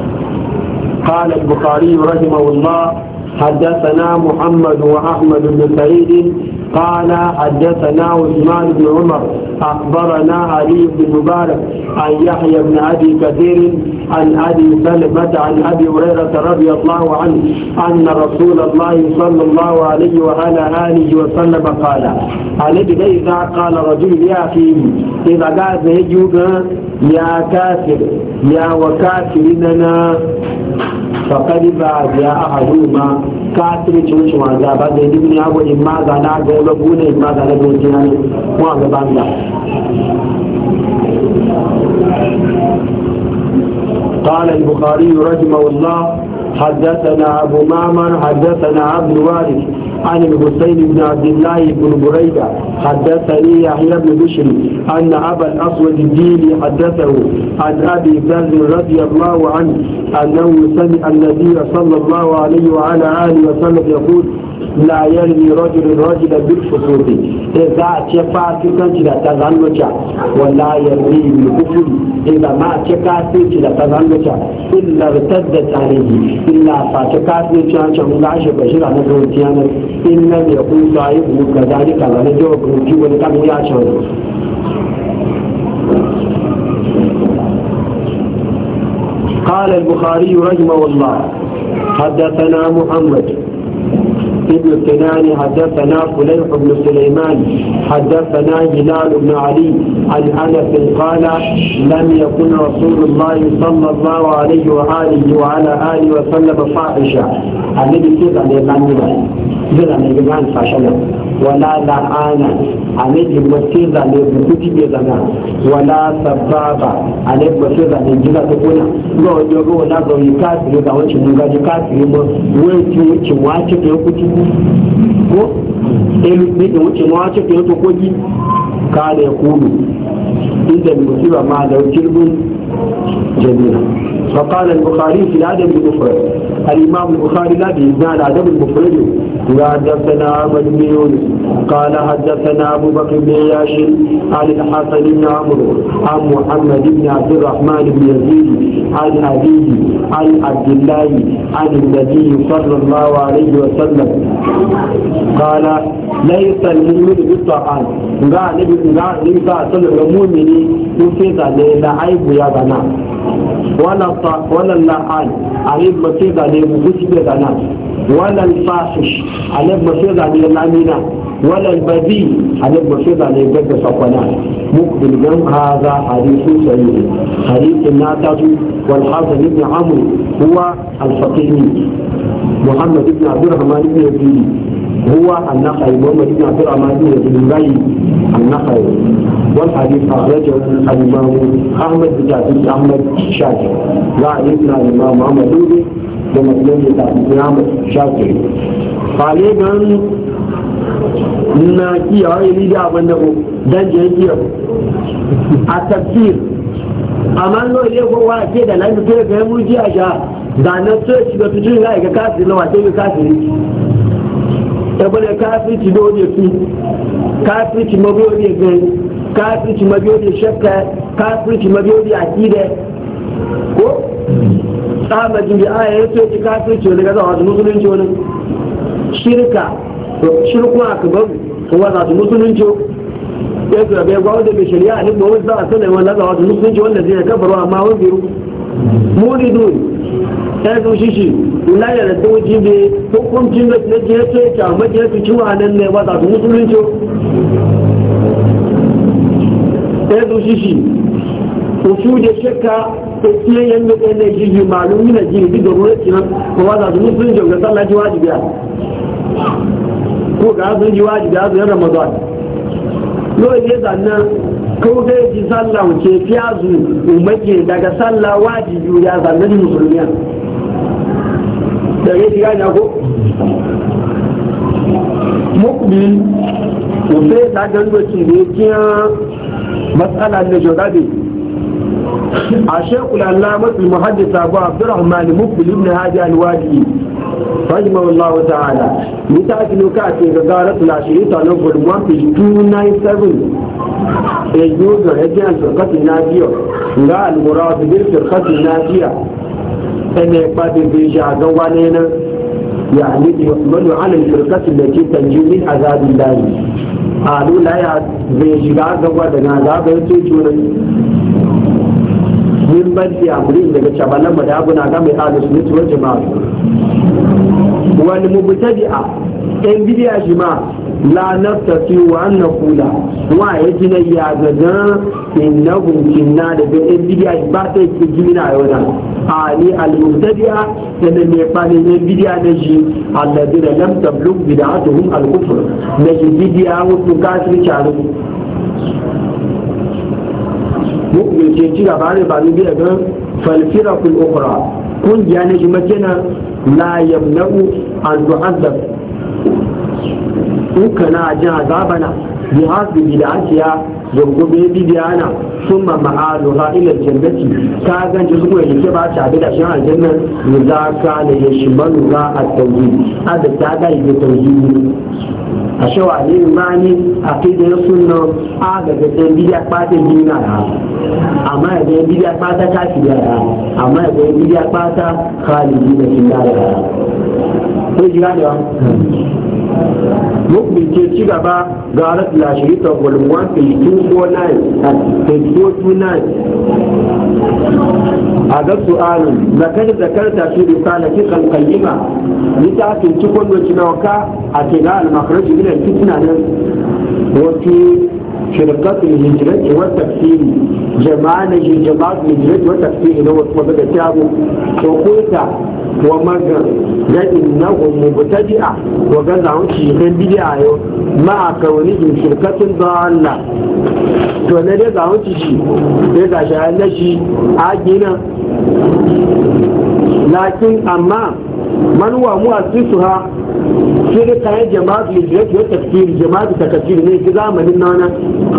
قال البخاري رحمه الله حدثنا محمد وأحمد بن سعيد قال حدثنا عثمان بن عمر أخبرنا علي بن مبارك عن يحيى بن أبي كثير عن أبي سلمة عن أبي هريرة رضي الله عنه أن رسول الله صلى الله عليه وعلى آله وسلم قال عن أبي قال رجل يا أخي إذا قال يجوك يا كافر يا وكافرنا فقد بعد يا أحدهما kafiri ci wuce wa za ba da yi ne hagu in ma za na ga wani gune in ma za na ga wani ne kuma ga banza قال البخاري رحمه الله حدثنا أبو معمر حدثنا عبد الوارث عن الحسين بن عبد الله بن بريدة حدثني يحيى بن بشر أن أبا الأسود الديني حدثه عن أبي ذر رضي الله عنه أنه سمع النبي صلى الله عليه وعلى آله وسلم يقول la yarmi rajulun rajula bil fusuqi sai za a ce fasikanci da tazannuca wala yarmi bil kufri idan ma a ce kafirci da tazannuca illa tadda tarihi illa fa ta kafirci an ce mun gashi bashir na zuciya ne illa ya kun قال البخاري رحمه الله حدثنا محمد ابن الكناني حدثنا فليح بن سليمان حدثنا هلال بن علي عن انس قال لم يكن رسول الله صلى الله عليه واله وعلى اله وسلم فاحشا الذي كذا لمن يبعد ولا لعانا ane jimma sai ne wala sababa ane jimma sai zane jina ta kuna ga wajen ga wala kuti ko elu ne da wuce kulu inda musiba ma da kilbun جميلا فقال البخاري في الادب المفرد الامام البخاري لا بيزنى الادب المفرد حدثنا عمد بن قال حدثنا أبو بكر بن ياشر عن الحسن بن عمرو عن محمد بن عبد الرحمن بن يزيد عن أبيه عن عبد الله عن النبي صلى الله عليه وسلم قال ليس المؤمن بالطعام قال نبي صلى الله عليه وسلم المؤمن يفيد لا عيب يا بنا ولا ولا لعان عليه مصيبة عليه مصيبة ولا الفاحش على المصير على الأمينة ولا البذيء على المصير على الجد سقنا مقبل جم هذا حديث سيد حديث الناتج والحافظ ابن عمرو هو الفقيه محمد بن عبد الرحمن بن يزيد هو النخعي محمد بن عبد الرحمن بن يزيد النخعي والحديث أخرجه الإمام أحمد بن أحمد شاكر لا يبنى الإمام محمد da matsayin da ta ya mu shafi fale don na kiya wani lidi abin da ku dan je kiya a tafsir amma no ile ko wa ke da lafi ke ga mu ji a sha da na so shi ga tuju ga ga kasi na wace ga kasi da bane kasi ci do ne su kasi ci mabiyo ne ga kasi ci mabiyo ne shakka kasi ci mabiyo ne akide ko saba bi aya ya ce ki kafirci wani gaza wasu musulunci wani shirka shirku a kabar kuma za su musulunci ya ce bai gwa wanda bai shari'a ne ba wanda za a sanar wanda za wasu musulunci wanda zai kafarwa amma wani biyu muridun ya zo shi shi ina yana da wuce ne hukuncin da na je ce ki amma je su ciwa nan ne ba za su musulunci ya zo shi shi usuje shakka ko kiyayen da ɗan ne jiji malumi na jiri duk da gwamnati nan ko ba za su musulun jauga sallah ji wajibi ko ga azun ji wajibi azun yan ramadan lokacin ya zanna ko ga ji sallah wuce fiyazu umake daga sallah wajibi ya zanna ni musulmiya da ya shiga na ko mukbil ko sai ta gango ci ne kiyan matsala ne jodabe a shekul allamatu muhaddis abu abdurrahman mukbil ibn hadi alwadi rahimahu allah ta'ala ni ta ki loka ce ga garatu na shi ta no gol 1297 e yugo hajjan firqati najiya ga almurad bil firqati najiya ene pati bi ja ga wane na yani yuqbalu ala alfirqati allati tanji min azabillahi ya min maddi amrin daga cabalan mu da abuna ga mai ahlus sunnati wal jamaa wal mubtadi'a in bidiya shi ma la naftati wa an naqula wa yajina ya gaga innahum kinna da bi in bidiya ba ta ki jina yana ali al mubtadi'a da ne ba ne bidiya da shi alladina lam tablugh bid'atuhum al kufr da bidiya wato kafir charu mu'min ce ci gaba ne ba biya gan falfira kul ukhra kungiya ne shi makina la yamna'u an tu'azzab in na jin azabana bi hasbi bid'atiha gurgube bidiyana sun ma ma'alu ha ila jannati ta ganci su kuma yake ba ta bi da shan aljanna mu za ka ne ya shi za a tauhidi a da ta ga yi tauhidi a shawa ne imani a kai da yasu nan a daga ɗan bidiyar fatan jina da amma ya ɗan bidiyar fata ta fi da da amma ya ɗan bidiyar fata khalidi da fi da ko jira da mukmin ke ci gaba ga arat lashirita volume 1 page 249 page 429 a ga su'alun zakar zakar ta shi risala ki kalkayyima littafin cikon doki na waka a ke ga almakarashi gidan fitina nan wato Shin kasa na jinjirancin wasu tafiye jama'a na jinjirancin wasu tafiye na wasu wadanda ta hagu. Wakuluta wa magana in na gammugu ta biya, wa gan za mu ci shi ta biyar ayo, ma'aikawa na jinjin kasu ɗan Allah. To naje za mu shi, sai za shi a yi a gina, lakin amma manuwa mu asusua. ke da kayan jama'atu ne da yake tafsiri jama'atu ta tafsiri ne ki zamanin nana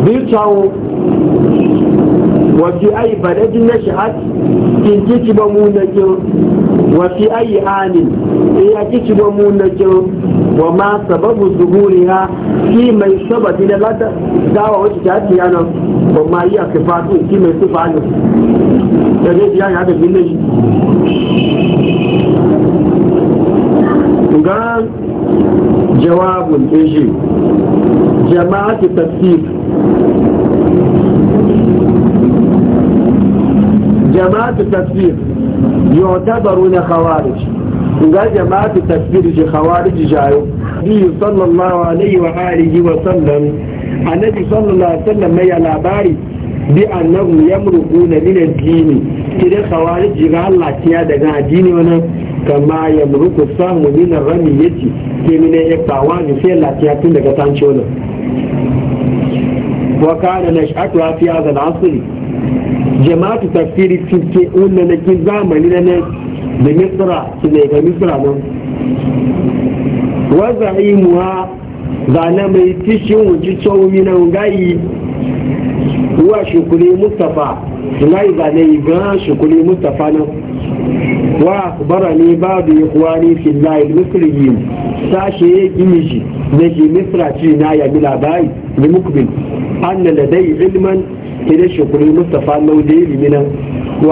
biyu cawo wafi ayi badajin na shahad in kici ba mu na kin wafi ayi anin in ya kici ba mu na kin wa ma sababu zuhuriha shi mai sababi na lada dawa wacce ta tiya nan wa ma yi a kifatu shi mai sifa ne da zai tiya ya da bin da shi jawabin ƙishi jama'atu tafsir jama'atu yau ta baro na khawarij ga jama'atu tafsir ji khawarij jayo biyu sallallahu alaihi wa alihi wa sallam annabi sallallahu alaihi wa sallam mai labari bi annahu yamruquna min ad-din kide khawarij ga Allah tiya daga addini wannan kama ya muruku samu minar rami ya ci ke mine ya kawa ni sai lafiya tun daga tanciyonin wa kana na sha'atu a da lasiri. jama'atu tafsiri fiske unna na ki zamani na da misra su ne ga misra nan wa za'imuha zana mai tishin wuci tsohumi na ngayi wa shukuri mustafa ngayi zane yi gan shukuri mustafa nan Wa bara ne ba mu yi uwani filayilmikirhin ta shiga imiji da kimistratin na Yamina bayan? Ni muku ne. Hannan da dai, ilimin hidda-shikurin Mustapha Wa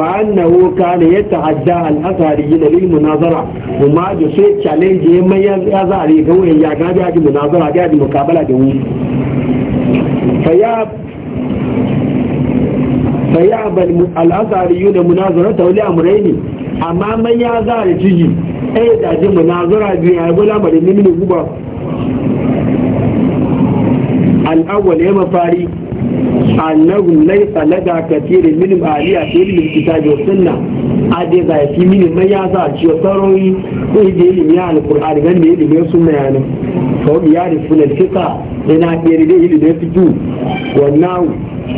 hannun wuka ne yadda ajiya al'asa da yi na gina munazara? Umar da Shu'aibu ya zama rigar wayayya na gaya gina munazara, ajiya da mu kamala gaba. Fa ya ban mu al'asa munazara ta wani amma mai ya za a yi ciki ai da na zura biyu ya gula nemi ne mini guba al ya mafari annahu laysa liya kathirin min aliya fi ilmi kitabi wa sunna ade za fi mini mai ya za a ci sauroyi ko ide ilmi ya al-qur'ani gan ne ilmi sunna ya ne ko ya rifuna al-fiqa ina da ilmi fiqh wannan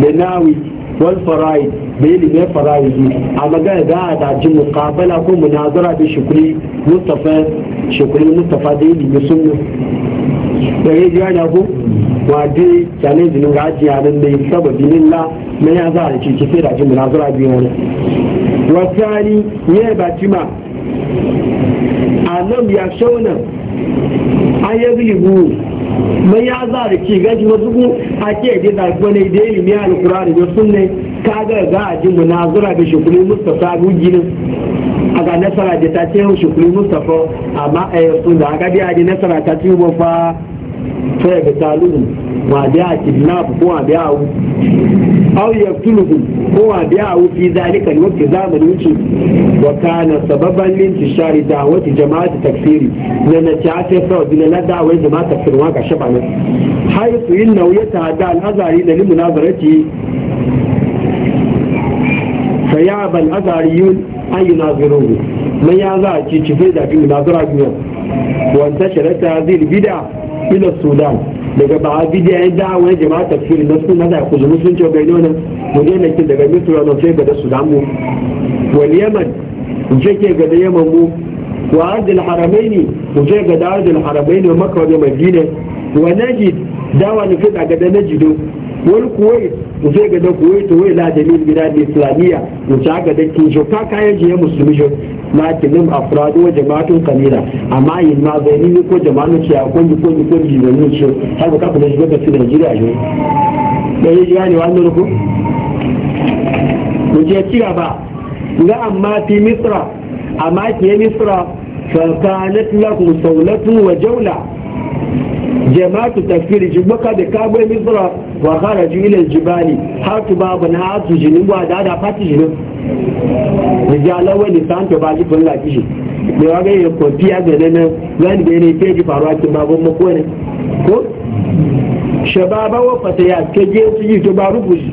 da nawi wal faraid da ilimin faraid a magana da a daji muqabala ko munazara da shukuri mustafa shukuri mustafa da ilimin sunna da ya ji ana ko wa dai challenge ne ga ajiya nan yi ne saboda la na ya za a ci ci da ji munazara biyu wani wasu wasani ne batima a nan ya shauna an yi mai ya za da ke gaji wasu ku a ke ji da gwane da ya limiya da kura da ne ka ga ga a ji zura ga shukuri mustafa guginin a ga nasara da ta ce shukuri mustafa amma a yi sunna a ga biya da nasara ta ce ba fa ta yaga talubu ma biya a kidnap ko a biya a أو يقتلهم هو بيعه في ذلك الوقت زامن وكي وكان سببا لانتشار دعوة جماعة تكفير لأن التعاتي يسوى دينا لا دعوة جماعة تكفير واقع شبعنا حيث إنه يتعدى الأزارين لمناظرته فيعب الأزاريون أن يناظروه من يعذى تشفيدا في مناظرة جميعا وانتشرت هذه البدع إلى السودان daga ba a bidiya yayin da wani jama'a tafsiri na suna da zuru sun ce ino nuna. wajen da ke daga misra na sai ga da sudan mu wani yaman je ke ga da yaman mu wa ardil ne mu je ga da ardil ne maka wajen gine wa najid dawa ne fita ga na jido wani kuwai mu je ga da to wai ladalin gida da islamiyya mu ta ga da kin jo ka kayan jiya musulmi makilin afradu wa jama'atun qalila amma yin ma zai ni ko jama'an ce a kungi kungi kungi da ni ce har ka kuma shiga kasu da Najeriya ne da yi gane wannan ko mu je ci gaba ga amma fi misra amma ke misra fa kanat lakum sawlatu wa jawla jama'atu tafkiri jibaka baka da kagwai misra wa kara jilin jibali hatu babu na hatu jinin wa da da fati jinin rijalar ni san ba ji tun laki shi da ya ga yin kofiya ga nan zan da ne ke ji a kin babu mako ne ko shababa wa ya ke je su yi to ba rufu shi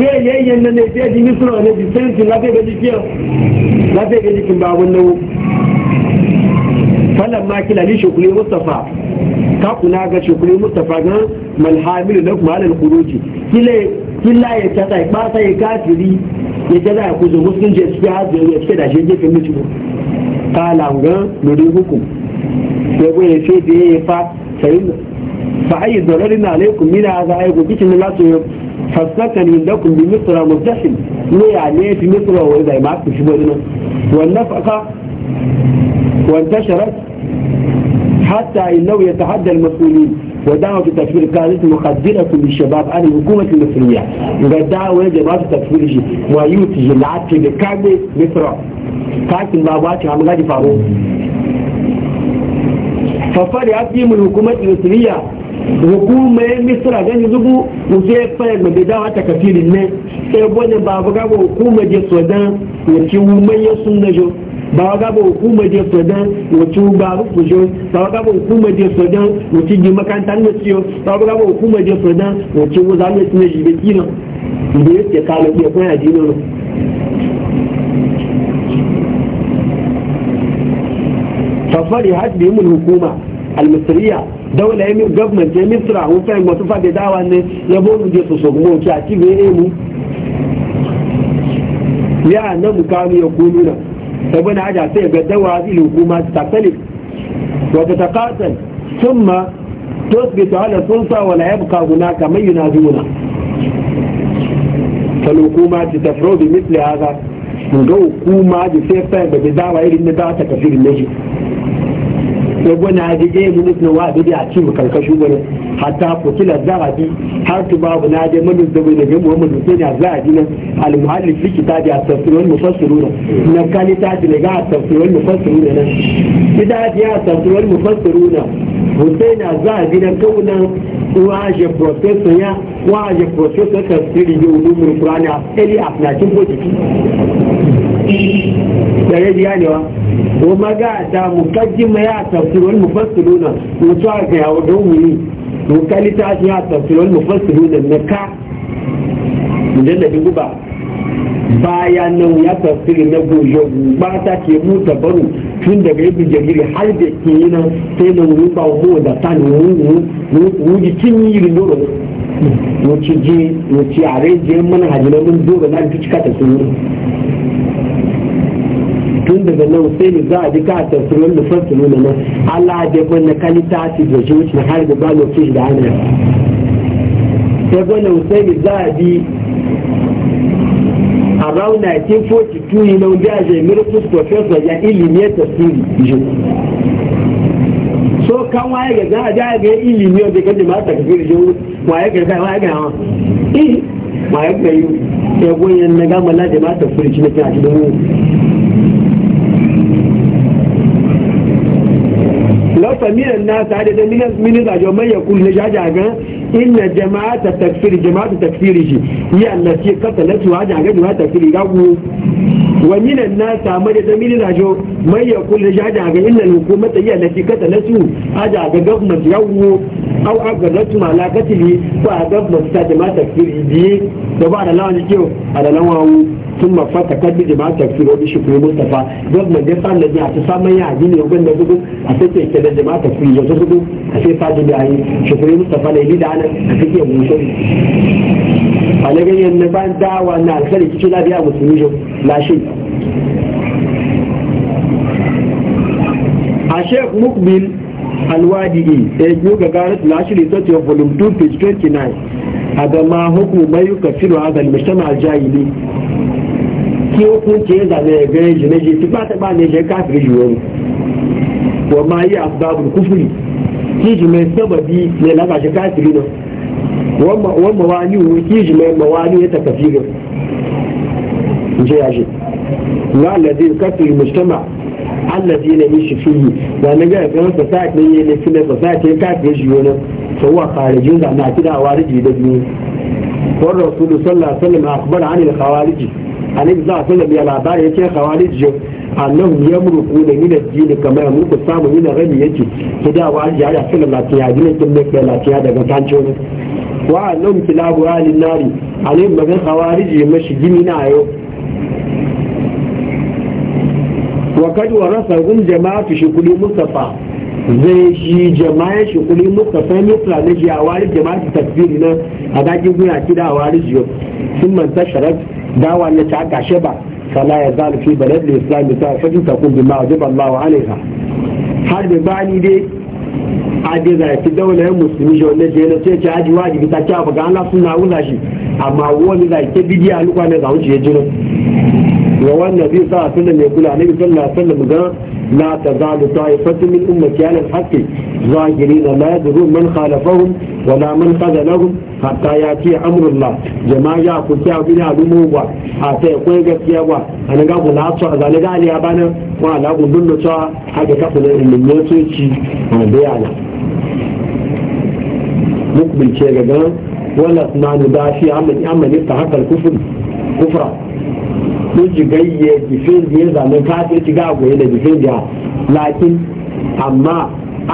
ya ní èyẹ ìyẹn nínú ẹgbẹ́ ẹ̀dí ní sọ̀rọ̀ ẹ̀dí sẹ́ǹtì lábẹ́gẹ́dì kí ọ lábẹ́gẹ́dì kí n bá wọn náwó falon makila ni shekule mustapha ta kuna ga shekule mustapha gan malhamilu na kuma alal kuroji kila ya tata ya ɓata ya kafiri ya tata ya kuzo musulunci ya suke hajjiyar ya suke da shi gefen mutu kala gan lori hukum ya goya ce da ya fa sai fa ayi dolarin alaikum mina za a yi gobe kin lasu فالسكن لكم بمصر مزدحم ليه يعني إيه في مصر وإذا معك في بلدنا والنفقة وانتشرت حتى إنه يتحدى المسؤولين ودعوة التكفير كانت مخدرة للشباب عن الحكومة المصرية ودعوة جماعة التكفير ويوتي في بكامل مصر كانت المعبوات عم غادي فاروق ففرعت بهم الحكومة المصرية hukumar misira gani zubu musu ya fara mabe dawa ta kafirin ne sai wani ba ga hukumar je sun na jo ba ga hukumar je ba jo ba ga hukumar je ji makantar na ciyo ba ga hukumar je wuza ne sun ji da da ke ya ji hajji mun hukuma al-misriya daula ya government ya misra wọ́n fẹ́ ìgbọ̀n tó fàdé dáwà ní yẹbó olùdí sọ̀sọ̀ gbogbo òkè àti ya na yá àná mùkàmù yọkú lúnà ẹgbẹ́ náà àjà sí ẹgbẹ́ dáwà ìlú òkú máa tàkẹ́lẹ̀ ma dawa iri ta ya gwana ji ɗaya minus na wa da a cikin karkashin wani hatta fukila zahabi har tu babu na je manus da wani daga muhammadu sai na zahabi nan almuhallin fi kitabi a tafsirwar mufassiruna na kani ta ji daga a tafsirwar mufassiruna nan kitabi a tafsirwar mufassiruna hussein na zahabi nan kawunan waje professor ya waje professor tafsiri da ulumul qur'ani a tsali a 1942 gare biya ne wa ko maga da mukajjima ya tafsir wal mufassiruna mutu aka yawo da umuri to kalita shi ya tafsir wal mufassiruna na ka mujalladi guba bayan nan ya tafsiri na goyo ba ta ke mu tabaru tun daga ibn jabir har da ke yi nan sai nan mu ba mu da ta ne mu mu ji kin yi rindoro mu ci je mu ci are je mana hajjina mun dora na cika ta sun tun daga nan sai ne za a ji ka tafsirin da fasu nuna nan Allah ya ban na kalita shi da shi wuce har da bano mu da ana sai ban sai ne za a bi around 1942 yi nan da je miracles professor ya ilimi ya tafsiri ji so kan waye ga za a ja ga ilimi ya da ma ta tafsiri ji waye ga kai waye ga ha ma eh, waye ga ya goyen na gama lajima ta tafsiri ne ta ci don lọ́pọ̀ mílíọ̀n náà sáré dé mílíọ̀n àjọ mẹ́yẹ̀ kú lè ṣáájà gan iná jama'ata ta jama'ata takfiri ta yí àná sí kọ́tà lẹ́tù wájà gan ga wo wa minan na samu da ta mini zajo mai ya kulle shi aja ga hukumata iya da shi kata na su aja ga gwamnati aw agadatu ma la katili ko adab ma ta jama takfiri bi da ba da lawan kiyo ala lawan Tun ma ka kaddi jama takfiri bi shukru mustafa gab na ga san da ya ta saman ya gini ne ganda gudu a take ke da jama takfiri ya ta gudu a sai ta ji da yi shukru mustafa yi da ana a take mu shi a da ganyen na ban dawa na alkhari kici a biya musulmi jo lashe a sheikh mukbil alwadi'i sai biyu ga garat lashiri socio volume 2 page 29 a gama hukumai yuka filo a zalmi shama aljahili ki hukunci ya zane ya gare shi na ti bata ba ne shi kafin shi wani wa ma yi asbabul kufuri ki shi mai sababi ne lafa shi kafiri nan wani mawani wani ki shi mai mawani ya takafi ga in ce ya shi na alladhi kafin allazi na yi shi fihi da na ga ga society ne ne kina ta ka ga shi wani sawa kharijin da na kida wariji da biyu wa rasulullahi sallallahu alaihi wasallam akbar anil khawarij anil za sallam ya labari yake khawarij annahum yamruku da min ad-din kama yamruku samu da ghani yake kida wariji ya sallallahu alaihi wasallam ya dinin kin ne lafiya daga tancho wa annahum kilabu alin nari alim magan khawarij mashi gimi na yau وقد ورثهم جماعة شكل مصطفى zai shi jama'a shi kuli muka san mutuwa na ji a wari jama'a tafsiri na a dakin guna kida a wari jiyo sun manta sharar dawa na ta kashe ba fala ya zalu fi balad da islam ta fadi ta kun bi ma'ajib Allah wa alaiha har da bani dai a da zai ci daular musulmi shi wanda je na ce ci haji wajibi ta ci abu ga Allah sunna wula shi amma wani zai ke bidiya lukwa ne ga wuce ya jiro ga wannan bi sa sunan mai kula na sallallahu alaihi wasallam ga la yi ta'ifatu min ummati ala al-haqqi zahirin la yadurru man khalafahum wa la man khazalahum hatta ce amrullah jama'a ya ku ta bi na lumu ba a ta kai gaskiya ba an ga ku la ta zalika ali abana wa la ku dun ta haka ka kula min ne so ci da yana mukbil ce ga wala na da shi amma amma ta haka kufra ko gayye jifin da ya kafin ci ga goye da jifin da lakin amma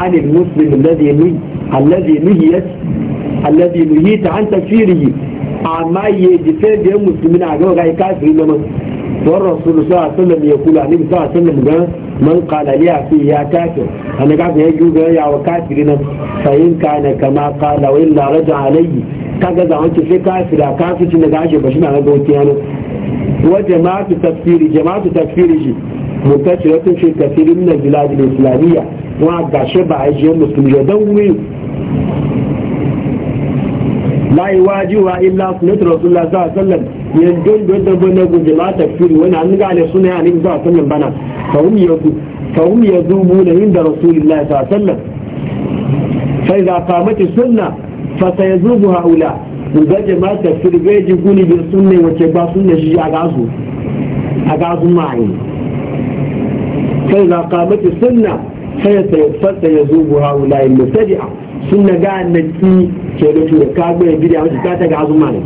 anil muslim alladhi nuhi alladhi nuhiyat alladhi nuhita an tafsirihi amma ye jifin da muslimin a gaba gai kafiri da man don rasulu sa sallam ya kula ni sa sallam ga man qala li fi ya kafir an ga ya ga ya wa kafiri nan sayin kana kama qala wa illa raja alayhi kaga da wancan sai kafira kafirci daga ashe bashi na ga wuce yana وجماعة تكفير جماعة تكفير جي منتشرة في كثير من البلاد الإسلامية وعد شبع جي مسلم يدوي لا يواجهها إلا سنة رسول الله صلى الله عليه وسلم ينجل بيضربون جماعة تكفير وين عنك على سنة عليه صلى الله عليه وسلم بنا فهم فهم يذوبون عند رسول الله صلى الله عليه وسلم فإذا قامت السنة فسيذوب هؤلاء gaje ma tafsir ji guni bin sunne wace ba sunne shi a gazu a gazu mai sai ka mace sunna sai sai fasa ya zubu da in a sunna ga naki ke da tura ka ga gida wace ka ta gazu mai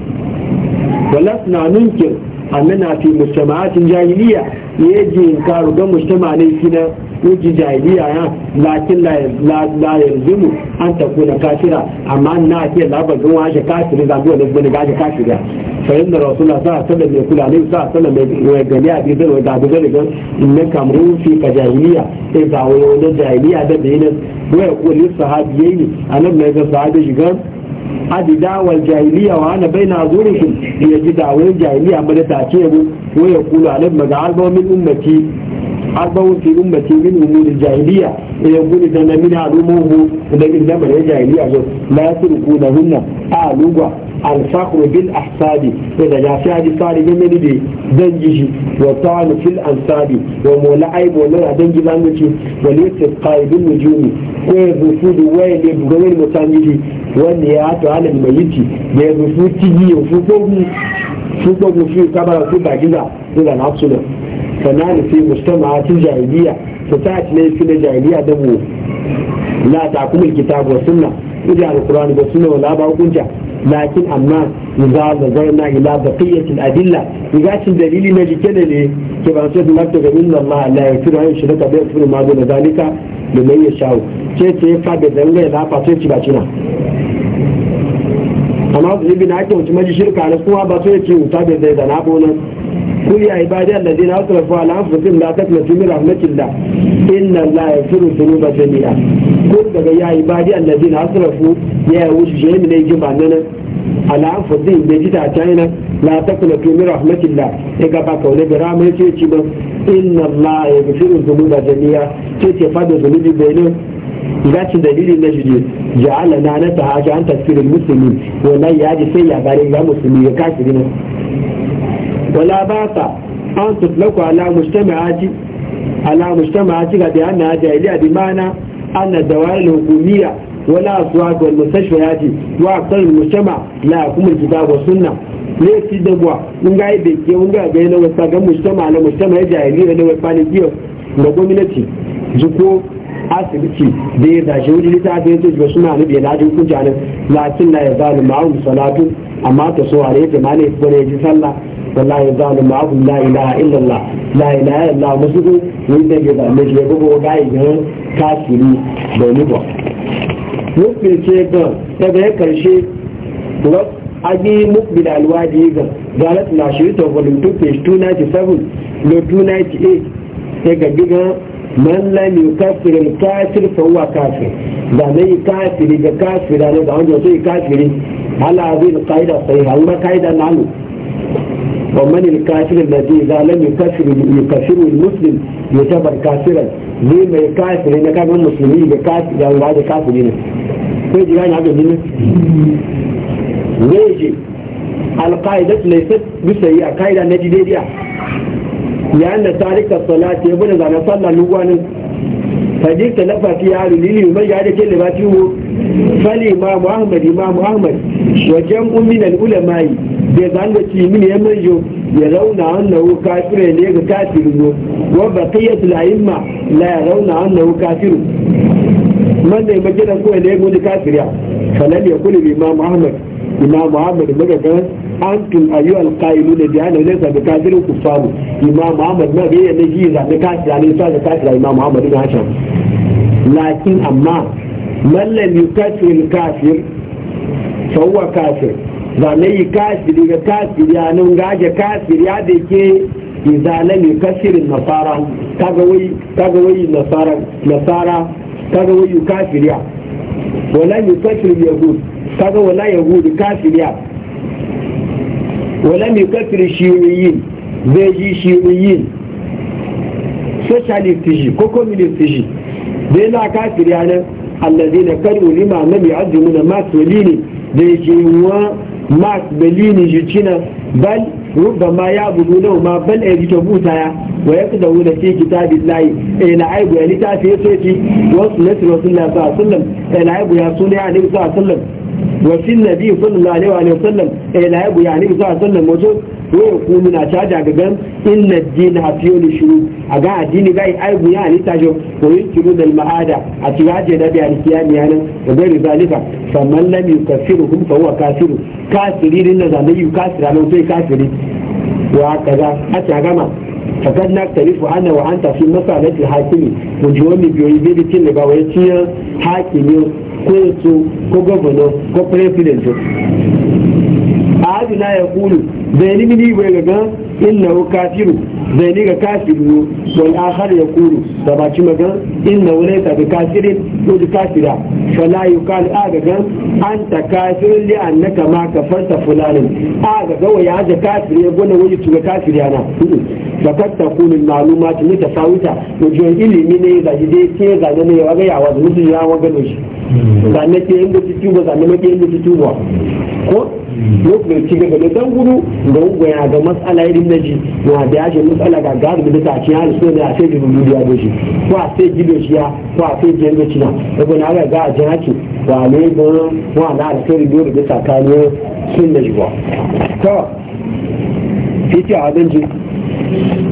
nunkin a annana fi mujtama'atin jahiliya yaje in karu ga mujtama'a ne na yuji jahiliya ya lakin la yanzu an ta kuna kashira amma na ke labar gan washe kafiri zabi wani gani gashi kafira sayin da rasulullah sa sallam mai kula ne sa sallam mai gani a bizar wa da bizar gan na kamru fi ka jahiliya sai ba wani wani jahiliya da bai nan waya kuli sahabiyai ne a nan mai ga sahabi shiga adi dawal jahiliya wa ana baina zurikin ya ji dawal jahiliya amma ta ce mu waya kula ne maga albamin ummati arba'un fi ummati min umuri jahiliya da ya gudu da na min mu da min da bare jahiliya zo la yasruku hunna a lugwa al-fakhru bil ahsabi da ya fi hadi sari ne ne da dangi shi wa ta'alu fil ansabi wa mola aibu wa dangi languci wa lisqai bil nujumi ko ya zufu da waye ne bugan mutane wani ya to alal mayiti da ya zufu tigi ya fuko fuko fuko kabara su bagiza da na kana nufi mustama ta jahiliya ta ta ci ne su na jahiliya da mu la ta kuma kita ga sunna idan alquran ga sunna wala ba hukunta lakin amma idza nazarna ila baqiyati adilla idza cin dalili na jike ne ke ba su da mata ga inna ma la yafiru an shi da yafiru ma da zalika da mai ya shawo ce ce fa da zanga la fa ce ci ba cina amma da ibn aikin mutum ji shirka na kuma ba so ya ce uta da zai da na bonan قل يا عبادي الذين اسرفوا على انفسهم لا تقنطوا من رحمة الله ان الله يغفر الذنوب جميعا قل يا عبادي الذين اسرفوا يا وجه من يجمع لنا على انفسهم بجد تاينا لا تقنطوا من رحمة الله اذا بقى ولا برامه تيجي ان الله يغفر الذنوب جميعا تيجي فاد الذنوب بينهم ذات دليل نجدي جعل نعنتها عن تكفير المسلمين ولا يجي سيئة بارين المسلمين كافرين wala ba ta an tutlaku ala mujtama'ati ala mujtama'ati ga bayan na jahiliya bi mana anna dawail hukumiyya wala aswaq wal mustashfiyati wa aqsal al mujtama la yakum al kitab wa sunnah ne ci da bwa mun ga da ke mun ga bayan wasa ga mujtama ala mujtama jahiliya ne wa fani kiyo ga gwamnati zuko asibiti da ya zashi wuri da ya zuwa suna nufi na ajin kunja nan lakin na ya zalu ma'ahu salatu amma ta so a ne ta mane ko ne ji sallah wallahi zalu ma'ahu la ilaha illallah la ilaha illallah musu ko ni da ke da ne ya gogo gai ga kafiri da ni ba mutum ce ga daga ya karshe agi mukbil alwadi ga galat na shirita volume 2 page 297 no 298 daga ga من لم يكفر الكافر فهو كافر لأنه كافر إذا كافر أنا دعوني أصيه كافر على هذه القائدة الصحيحة هل ما قائدة نعلم ومن الكافر الذي إذا لم يكفر يكفر المسلم يعتبر كافرا لما يكافر إذا كان المسلمين بكافر يعني بعد كافر هنا كيف يجب أن يعمل هنا؟ ليجي القائدة ليست بسيئة قائدة نجدية yayin da tarika salati ya bude zana sallah lugwanin hadith ta lafa fi yaro lili mai ga da ke da bati wo fali imamu ahmad imamu ahmad wajen ummin al'ulamai bai zan da ci mini ya manjo ya rauna annahu kafire ne ga kafirin wo wa baqiyatul a'imma la rauna annahu kafiru man da magidan ko ne ga kafiriya falal yakul imam ahmad imam muhammad daga kan antum ayu alqailu da bayan ne sa da kafirin kufaru imam muhammad na bai yana ji da kafira ne sa da kafira imam muhammad da hasham lakin amma man lam yukafir kafir fa huwa kafir ba na yi kafiri ga kafiri a nan gaje kafiri ya da ke izalami kafirin nasara kaga wai nasara kaga wai kafiriya wala yi kafirin yahud kaga wala yahudi kafiriya wala mai kafiri shiriyin zai ji shiriyin socialist ji ko communist ji dai na kafiriya nan allazi na karu lima na mai azumi na masolini da ya ce wa mas belini ji cina bal rubba ma ya bugu na ma bal a yi ta buta ya wa ya kuda wuda ce kita billahi a eh yana aibu ya littafi ya ce wasu nasiru wasu lafi a sallam a yana aibu ya suna ya nufi a sallam wasu nabi sallallahu alaihi wa alaihi sallam eh la yabu yani isa sallam mojo wo ku mina chaja gagan inna din hafiyo ni shuru aga adini gai ai bu yani tajo ko yikiru dal maada atiraje da biya riya ni yana da bari zalika famman lam yukaffiruhum fa huwa kafiru kafiri din na zan yi kafira lo sai kafiri wa kaza ata gama fakad na tarifu ana wa anta fi masalati hakimi mujoni biyo ibi tin da ga wai ciya hakimi ko yato ko gwamna ko president a na ya kulu da ya nimini bai gaga innahu kafiru zai ni ga kafiru wal akhar yaqulu da ba ci magan innahu laysa bi kafirin ko bi kafira fala yuqal aga ga anta kafirun li annaka ma kafarta fulanin aga ga waya da kafiri gona waje tuga ta ana fakat takunu al-ma'lumat mutafawita wajen ilimi ne da jide ke ga ne ya ya waga ne shi ne ke inda tuba ne ke inda tuba ko lokacin ci gaba da dan gudu ga ungwaya ga matsala irin na ji na da ya matsala ga gari da ta ciya da suna da sai da lulu ya shi ko a sai gido shi ya ko a sai gidan da na daga na ga ga jin haki ba ne ga wa na alkhairi dole da ta ne sun da jiwa to fiti a dan ji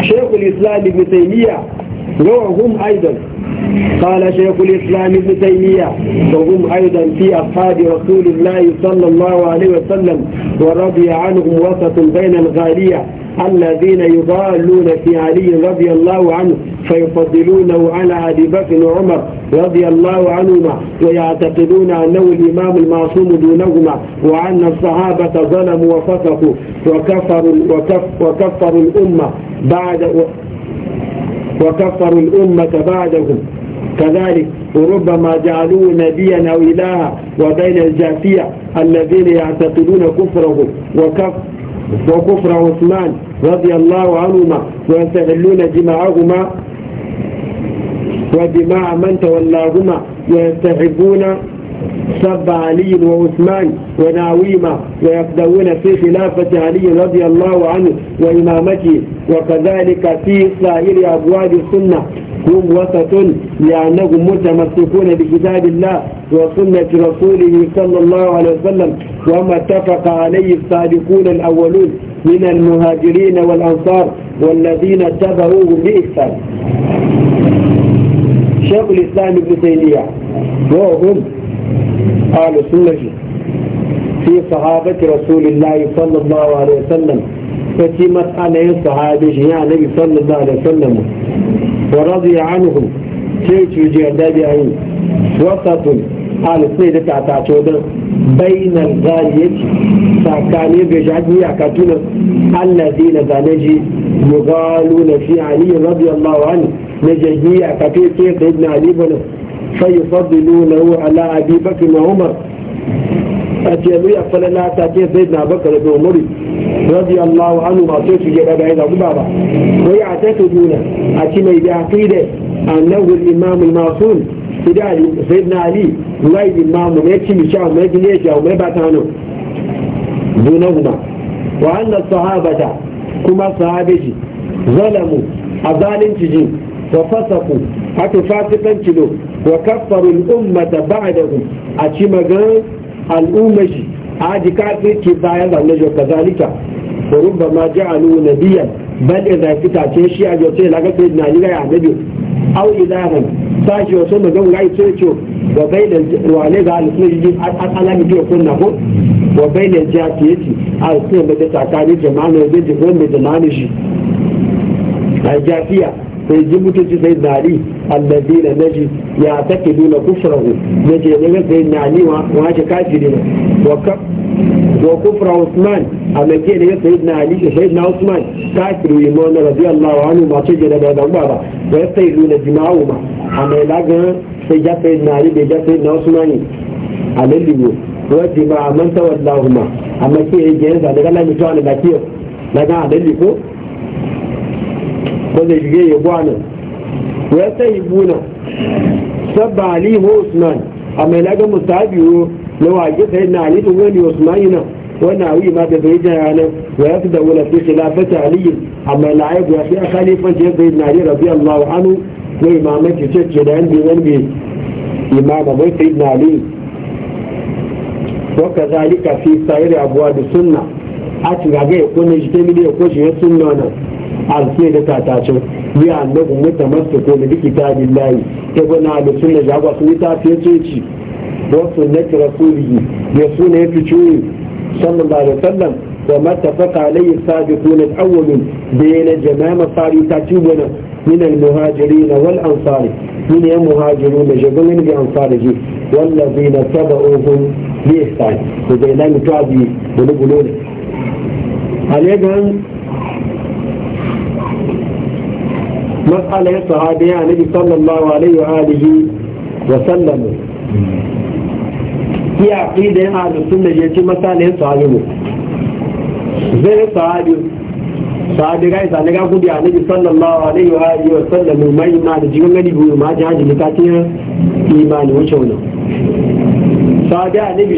shekul islam ibn taymiya وهم أيضا قال شيخ الإسلام ابن تيمية وهم أيضا في أصحاب رسول الله صلى الله عليه وسلم ورضي عنهم وسط بين الغالية الذين يضالون في علي رضي الله عنه فيفضلونه على أبي بكر وعمر رضي الله عنهما ويعتقدون أنه الإمام المعصوم دونهما وأن الصحابة ظلموا وفسقوا وكفروا, وكف وكفروا الأمة بعد وكفروا الأمة بعدهم كذلك وربما جعلوه نبيا أو إلها وبين الجافية الذين يعتقدون كفره وكف وكفر عثمان رضي الله عنهما ويستغلون دماءهما ودماء من تولاهما ويستحبون سب علي وعثمان ونعويمة ويقدمون في خلافة علي رضي الله عنه وإمامته وكذلك في سائر أبواب السنة هم وسط لأنهم متمسكون بكتاب الله وسنة رسوله صلى الله عليه وسلم وما اتفق عليه السابقون الأولون من المهاجرين والأنصار والذين اتبعوه بإحسان شيخ الإسلام ابن تيمية وهم أهل سنة في صحابة رسول الله صلى الله عليه وسلم فتمت عليه صحابة جميع النبي صلى الله عليه وسلم ورضي عنهم تيت جهداد أين وسط أهل سنة تعتعتو بين الغالية فكان بجعدني أكاتون الذين ذنجي يقالون في علي رضي الله عنه نجي أكاتون كيف ابن علي بنا فيفضلونه على ابي بكر وعمر أتيبيا فلا لا تأتي سيدنا بكر وعمر رضي الله عنه ما سيسو جبابا إذا بابا ويعتقدون أتيما بعقيدة أنه الامام المعصوم سيدنا علي الامام لا الإمام ويكي مشاو ويكي ليشاو ويباتانو دونهما وان الصحابه كما صحابتي ظلموا أظالم تجين wa fasaku haka fasikanci do wa kaffarul ummata ba'dahu a ci magan al'umma shi aji kafirci bayan zanne jo kazalika wa rubbama ja'alu nabiyyan bal idza fitace shi a jote laga sai na ni ga ya nabi au ta sashi wasu magan gai sai ce wa bainal wale ga al-sunni al'alami ke kunna ko wa bainal jafiyati al-sunni da tsakanin jama'a ne da wanda da nani shi al-jafiya sai ji mutunci sai nari allazi na naji ya take nuna kufrahu na je daga sai nani wa wace kafiri ne wa kufra usman a ne daga sai nani da sai na usman kafiri ne mu na radiyallahu anhu ma ce da da ba ba wa sai nuna jima'u ma a mai laga sai ja sai nani da ja sai na usmani alalliyo wa jima'a man tawallahuma amma ke yayin da daga lami to an da kiyo daga alalli ko ba zai shige ya gwanin ya sai buna sabba ali ho usman a mai laga biyu na waje sai na ali tun wani usman yana wani awi ma da bai jaya nan wa ya fi da wula fi lafata aliyin a mai la'ayi ya fi a khalifan da ya bai na ali rabi allahu anu na imamaki cece da yanzu wani imama mai sai na ali وكذلك في سائر أبواب السنة أتغاقي يكون اجتمالي ya جهة nan alfiye da tatacin bi annabi mutamassik ko bi kitabillahi ta gona da sunna jagwa sun yi tafiye wasu na rasulihi suna ya fi ciwo sallallahu alaihi wasallam wa mattafaqa na sabiquna al-awwalun bayna jama'a masari ta tibuna من المهاجرين والأنصار من المهاجرون جبل بأنصاره na تبعوهم بإحسان مسألة صحابيها النبي صلى الله عليه وآله وسلم هي عقيدة أهل السنة جيتي مسألة صحابيه زي صحابي صحابي غاي صحابي غاي قد النبي صلى الله عليه وآله وسلم ما يمان جيغن غني بيو ما جهاج لكاتيها إيمان وشونا صحابي النبي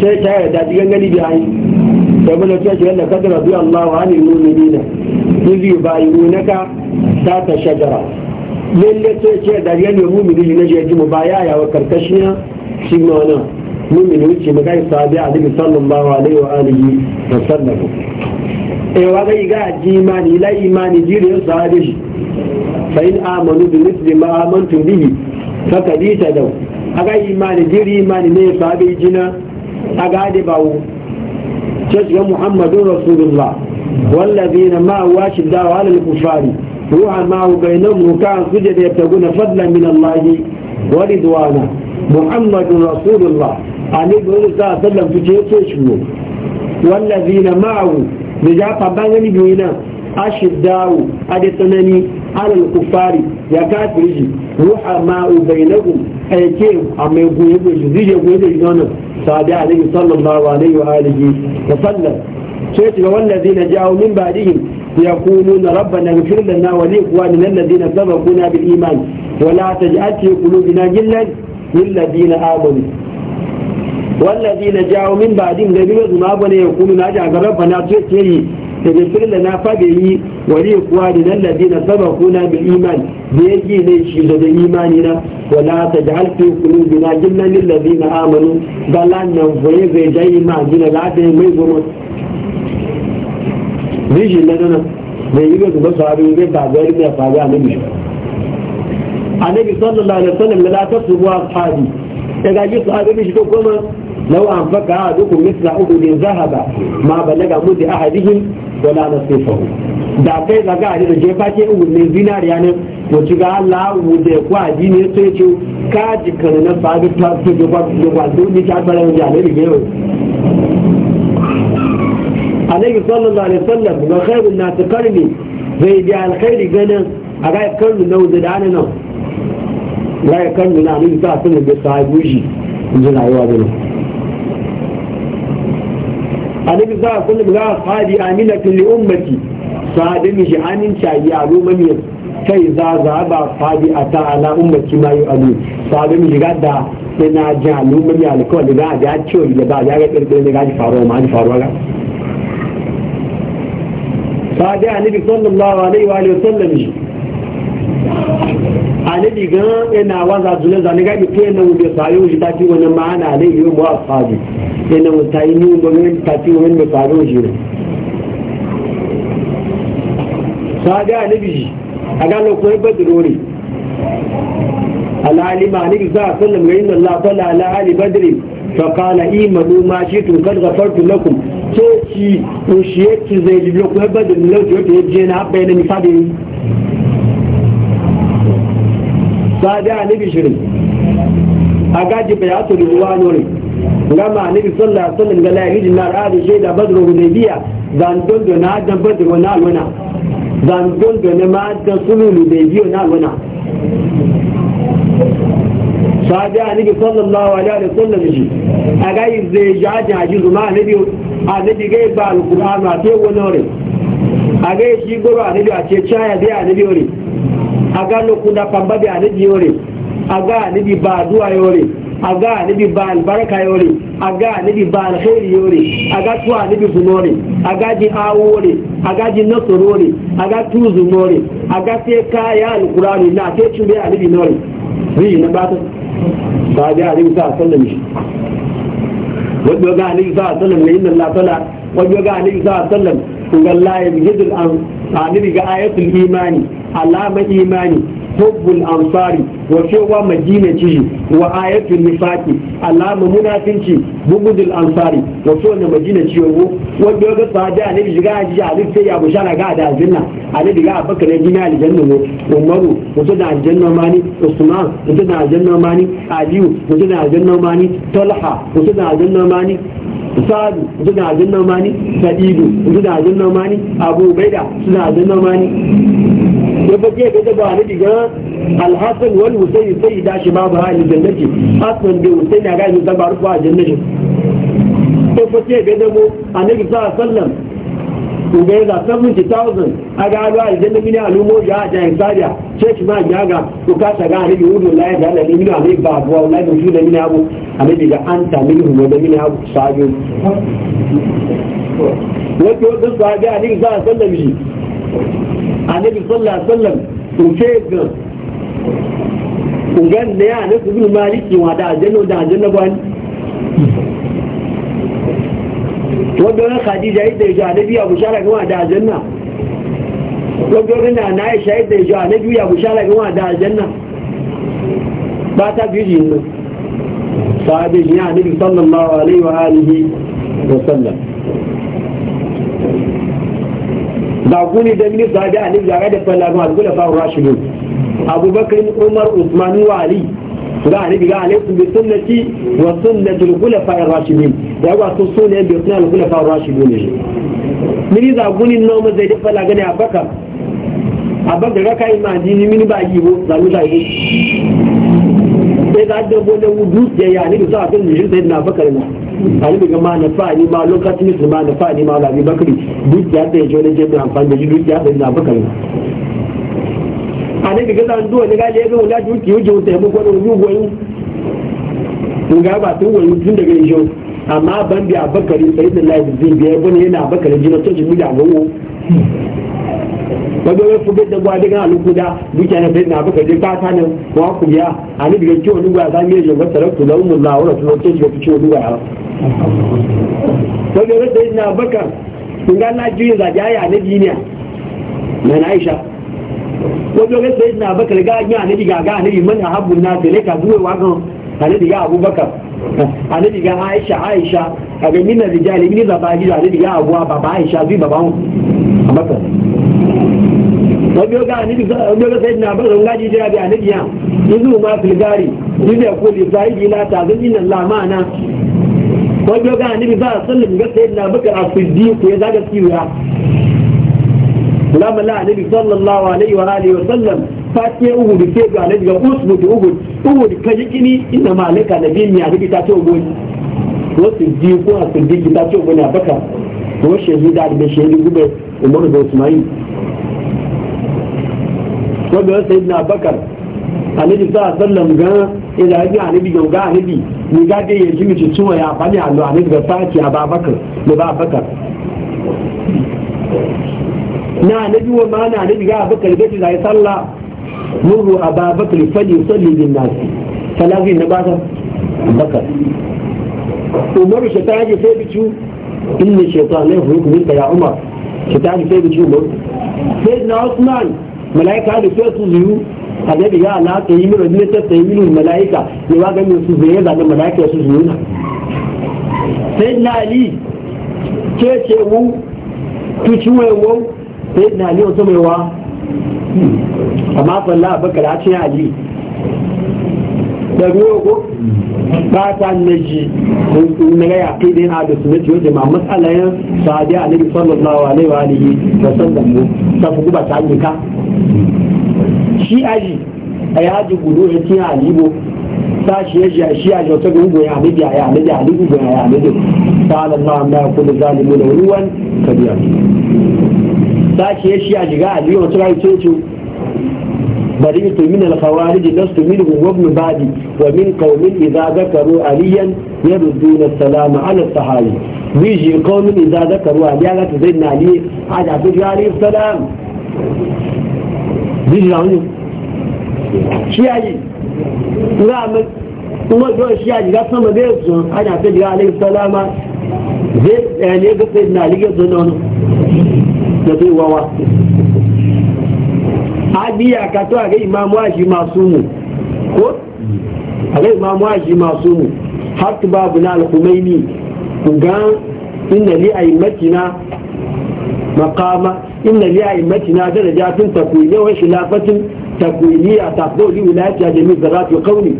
شيء شيء دا جيغن غني بيهاي يقول لك يا شيخ لقد رضي الله عن المؤمنين izi bayunaka ta ta shajara lalle sai ce da yan yamu mini ne je ji mu ba ya wa karkashin shi ma wannan mumin wuce mu kai sahabi annabi sallallahu alaihi wa alihi wa sallam eh wa dai ga ji imani la imani jiri sahabi shi fa in amanu bi mithli ma amantu bihi faqad itadaw aga imani jiri imani ne sahabi jina aga da bawo ce ga muhammadun rasulullah والذين ما واش الدعوة على الكفار روحا ما بينهم ركعا سجد يبتغون فضلا من الله ورضوانا محمد رسول الله عليه الصلاة والسلام تجيب والذين معه بجاء بانني بينا داو أدتنني على الكفار يا كافرجي روحا ما بينهم أي كيف أما يقول يقول يقول يقول يقول يقول صلى الله عليه وآله وسلم sai ci ga wannan zina jawo min ba ji ya kunu na rabba na gafir da na wani kuwa ni nan kuna bil iman wala ta ji ake kulu bina gillan gillan zina abon wannan zina jawo min ba ji da ya kunu na ji a ga rabba na ce ce yi da gafir da na fage yi wani kuwa ni nan da ya ji ne shi da da imani na wala ta ji mai gomot ríṣì lẹ́nà lè yíwé tó yi àrí wíwé bàbá ẹ̀rí ta rí àníbi àníbi sọ́nà lálẹ́ sọ́nà mẹ́lá tó ti wá àbí ẹ̀ka yìí sọ àbí ríṣì tó lọ́wọ́ àǹfààkà àdókò mẹ́sìlá òkú záhàbà máa bàlẹ́ gà mú ti àhàdíhìn wọlé da kai a da je fashe ugu ne ne ko ci ga Allah da ku ne sai ce ka na ta ce ba ni ta bara ne ya عليه صلى الله عليه وسلم ما خير الناس قرني زي دي على خير جنا أجاي كرم لو زدانا لا يكرم لنا عليه صلى الله عليه وسلم بصاحب وجهي من جل عيوابنا عليه صلى الله عليه وسلم لا صاحب آمنة لأمتي صاحب مجحان شاي يعلو من يد كي زازا با صاحب أتا على أمتي ما يؤدي صاحب مجحان دا ina ji alumuri alikawar da ya ciwo da ba ya ga ƙirƙirin da gaji faruwa ma'ani faruwa ga باجا نبي صلى الله عليه واله وسلم انبي غان انا وازا زله زاني غي بيين نو بيو سايو جي باجي ون ما انا لي يو مو اصحابي ينه مو تايني مو مين تاتي ون مي سايو جي باجا نبي اغالو كو بدروري على علي ما نبي صلى الله عليه وسلم ان الله صلى على علي بدر فقال اي ما دو ما شئتم قد غفرت لكم teci ushiye ki zai jibi ko ya bada ni lauci wata yaje na abba yana nifabe yi sadi a nabi shirin a gaji bai ato da ruwa nori gama nabi sallallahu alaihi wasallam ga lahi din nar adi shaida badru biya zan dondo na adan badru na alwana zan dondo na ma adan sululu hudaybiya na alwana sadi a nabi sallallahu alaihi wasallam shi a gaji zai jaji a jiru ma nabi annabi gai ba alkur'anu a te wani ore a gai shi goro annabi a ce caya dai annabi ore a ga lokuna pamba da annabi ore aga ga annabi ba duwa ore aga ga annabi ba albarka ore aga ga annabi ba alkhairi ore aga tu tuwa annabi zunore aga ji awo ore a ji nasoro ore a ga tu zunore a ga sai kaya alkur'anu na te cin bai annabi nore zai na ba ta ba da annabi sa sallan wajen ga alaihi sa sallam ne inna Allah sala wajen ga alaihi sa sallam kun ga la yajidul an annabi ga ayatul imani alama imani hubbul ansari wa cewa madina ci wa ayatul nifaqi alama munafiqi bugudul ansari wa so ne madina ci wo wanda ga sahaja ne shiga ji ali sai ya bushara ga da zinna ali diga abaka ne jina aljanna ne umar wato da aljanna mani usman wato da aljanna mani ali wato da aljanna mani talha wato da aljanna mani sadu wato da aljanna mani sadidu wato da aljanna mani abubaida wato da aljanna mani ya ba ke gada ba ni diga alhassan wal husayn sai da shi ma ba hali jannati hasan da husayn ya ga ni da ba rufa jannati ba ke gada mu annabi sallallahu a ko ga 70000 aga ga aljanna mini alumo ya da insariya ce ki ma ya ga ko ka ta ga ni wudu la ya da ni ba shi da abu anta hu da wato duk da ga ni za النبي صلى الله عليه وسلم وشيك وقال لي أنا أقول مالكي وعدا جنة وعدا جنة بوان وقال لي خديجة إيدة يجوى نبي أبو شارك وعدا جنة وقال لي أنا عايشة إيدة يجوى نبي أبو شارك وعدا جنة باتا بيجي إنه صلى الله عليه وآله وسلم ba gune da mini ba da alif zaga da fallaru al-gula fa rashidu abubakar umar usman wa ali ga alif ga alif bi sunnati wa sunnati al-gula fa rashidin ya ga su sunne bi sunnati al-gula fa rashidun ne mini za gune no ma zai da fallaga ne abaka abaka ga kai ma ni mini ba yi bo zalu da yi sai da da bo da wudu ya ya ni da sa kan ne sai na bakar na ani daga ma na fa'ani ma lokacin su ma na fa'ani ma labi bakari dukiya da ya jona jami'a amfani da shi dukiya da na bakari ani daga zan duwa ne ga lebe wala duki yuje wata yabo ko rubu goyi mun ga ba tun goyi tun daga yau amma ban bi da bakari sai da labi zai biya bane yana bakari jina to shi mu da gowo kaga wai fuga da gwa daga alukuda duka na sayyidina abu kaje ka ta nan wa ku ya ani daga wani gwa za mu yi ga taraktu lahum Allah wa rasul ce ga ciwo duga ya kaga wai sayyidina bakar kun ga Allah ji za jaya na duniya na Aisha wajen ga sayyidina bakar ga ya ne diga ga ne man habbun na tele ka zuwa wa ga ne diga abubakar ne diga Aisha Aisha a ga min rijali min zabali ne diga abuwa baba Aisha zai baban Abubakar mabiyo ga anibi mabiyo ga sayyidina abu zan gaji jira bi anibi ya yanzu ma filgari yanzu ya kuli sahibi la ta zan inna lamana? ma'ana mabiyo ga anibi ba a sallim ga sayyidina abu ka asidi ko ya zaga siwa lama la anibi sallallahu alaihi wa alihi wa sallam fatiye ugu da ke ga anibi ga usbu da ugu ugu da kaji kini inna malaka nabi ne anibi ta ce ugu wasu ji ko asidi ta ce ugu ne baka. ko shehu da da shehu gube umar da usmani wanda ya sayi na bakar anabi sa sallam ga ila yi anabi ga ga anabi ni ga dai yanzu mu ci tuwa ya bani allo ga a babakar da babakar na anabi wa ma na anabi ga bakar ga ci zai salla muru ababakar fali salli bin nasi salafi na ba ta bakar umaru shi ta yaje sai bicu ya umar shi ta yaje sai bicu usman malaika da ke su zuyu da ya ala ta yi mura ne ta ta yi mini malaika ya wa ne su zai da malaika su zuyu na sai na ali ke ce wu ki ci wai wu sai na ali wata mai wa amma sallah bakar a ce ali da ruwa ko fata na ji kai ga yaƙi da yana da sunnati wajen ma matsalayen sahabi a nabi sallallahu alaihi wa alihi wa sallam mu ta fi guba ta ka shi aji a yi gudu ya tiya alibo sashi ya shi a jauta ga hugo ya nabi ya nabi ya nabi ya ya nabi sallallahu alaihi wa kullu zalimu da ruwan kabiya sashi ya shi a jiga alibo wata rayu ce بريت من الخوارج لست منهم وابن بعدي ومن قوم إذا ذكروا عليا يردون السلام على الصحابي بيجي قوم إذا ذكروا عليا تزيدنا عليه على عبد عليه السلام بيجي عنه شيعي رامل kuma zuwa shi a jiga sama da yanzu ana ta jiga alaihi يقصد zai يقصد ne ga sai na ligar zuwa wani da zai wawa adiya ka to ga imamu aji masumu ko ga imamu aji masumu har babu na al-Khumaini ga inna li aimatina maqama inna li aimatina darajatun takwini wa shilafatin takwiniyya tafdu li wilayati jami'i zarat wa qawli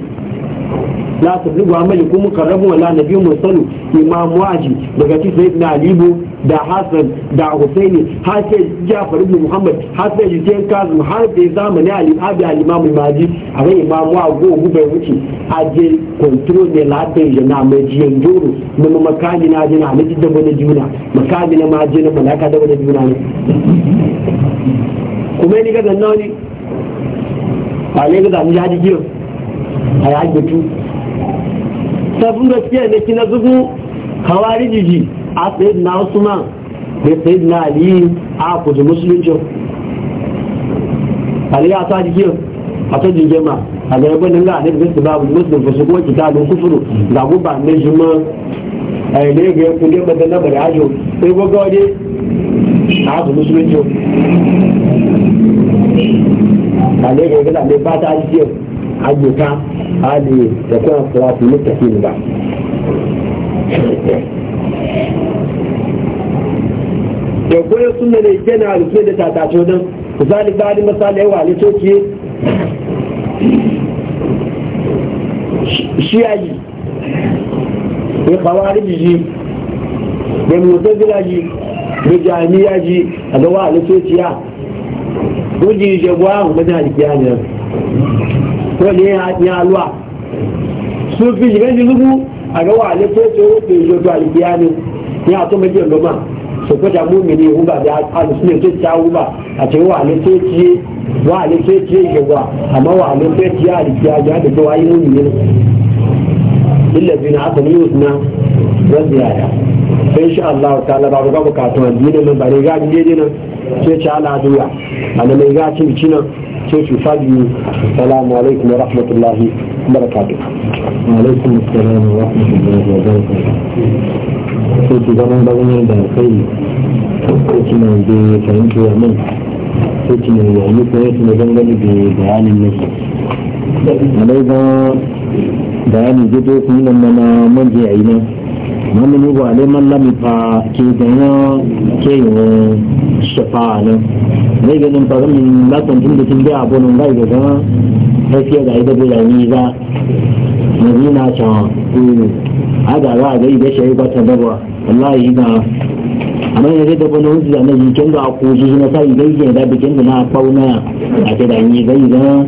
la tabligu amali kum qarrabu wala nabiyyun mursalu imamu aji daga ci sayyidina alibu da Hassan da Husaini har sai Jafar ibn Muhammad har sai Hussein Kazim har sai zamani Ali Abi al-Imam al-Mahdi a bai Imam wa go gube wuce a je kontro ne latin na mai jiyan doro na ma makani na jina na jidda bane juna makani na ma jina malaka da bane juna ne kuma ni ga nan ne a ne ga zamu jadi giyo a ya gitu sabun gaskiya ne kina zugu kawari jiji a sayid na usman da sayid na ali a kuji musulunci ali ya ta jikin a ta jirgin ma a ga yabon ga alif gasu babu musulun fasu kuma kita don kufuru ga guba ne jima. a yi ne ga ya kuje bada na bari ajo sai gwagwa wani a kuji musulunci a ne ga gada ne ba ta jikin ayyuka hali da kuma fura su mutaki ba da goyon da ne yana rufe da tatato don misali bani misali yawa ne toki shiyayi da kawari jiji da mutazila ji da jami'a ji a ga wa alifociya guji jagwa a kuma jihar kiyanin ko ne ya alwa sun fi shigar jirugu a ga wa alifociya wato ya jotu alkiyanin ya to majiyar gama soko da mumini uba da alusune to ta uba a ce wa ne to ci wa ne to ci je wa amma wa ne to ci ali ya ja da to ayi mumini illa bin abdul yusna wa ziyada sai insha Allah ta'ala ba ga bukatu addini nan bare ga dide nan ce ci ala duya ana mai ga ci ci nan ce ci fadi assalamu alaikum wa rahmatullahi wa barakatuh wa alaikum assalam wa rahmatullahi wa barakatuh sai ki zaman birni da kai ko ki mai da fahimci wa min sai ki mai yayi ko ya tuna dangane da bayanin nake alai ga bayani gido ku yi nan mana manje a yi nan mamu ne ba alai man lami fa ke ganya ke yi shafa nan ne ganin fa zamin lakwancin da kin biya abonin ga ga ga haifiyar da ita bai da ni za madina can aga za a gai da shi ba ta daba wallahi a amma yanzu da kuma wuce da nan kin da ku ji na sai gai ke da bikin da na fauna a ta da ni gai da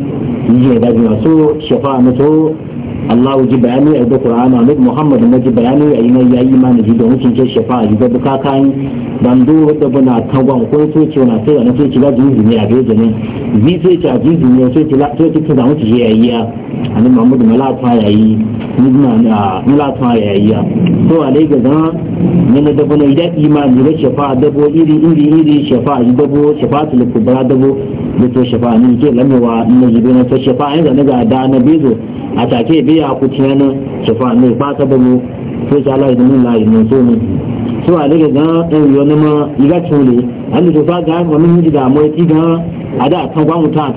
ni da so shafa na so Allah ji bayani a da Qur'ani ne Muhammad na ji bayani a yi mai yayi imani ji domin kin ce shafa ji da buka kan dan do da bana tagwan ko to ce na sai na ce ki ga jini ne a ga jini ji sai ta ji jini sai ki la sai ki ta mu ji yayi ya annabi Muhammad mala ta yayi ni na na mala ta yayi ya to alai ga zan ne da bana idan imani da shafa'a dabo iri iri iri shafa'a dabo shafa'atul kubra dabo mutu shafa ni ke wa na jibi na ta shafa ni da da na bizo a take biya ku tiyana shafa ni ba ta bamu ko ta Allah idan Allah so ne so a daga ga dan eh, na ma iga tole an da ga da ti ga a da ta ta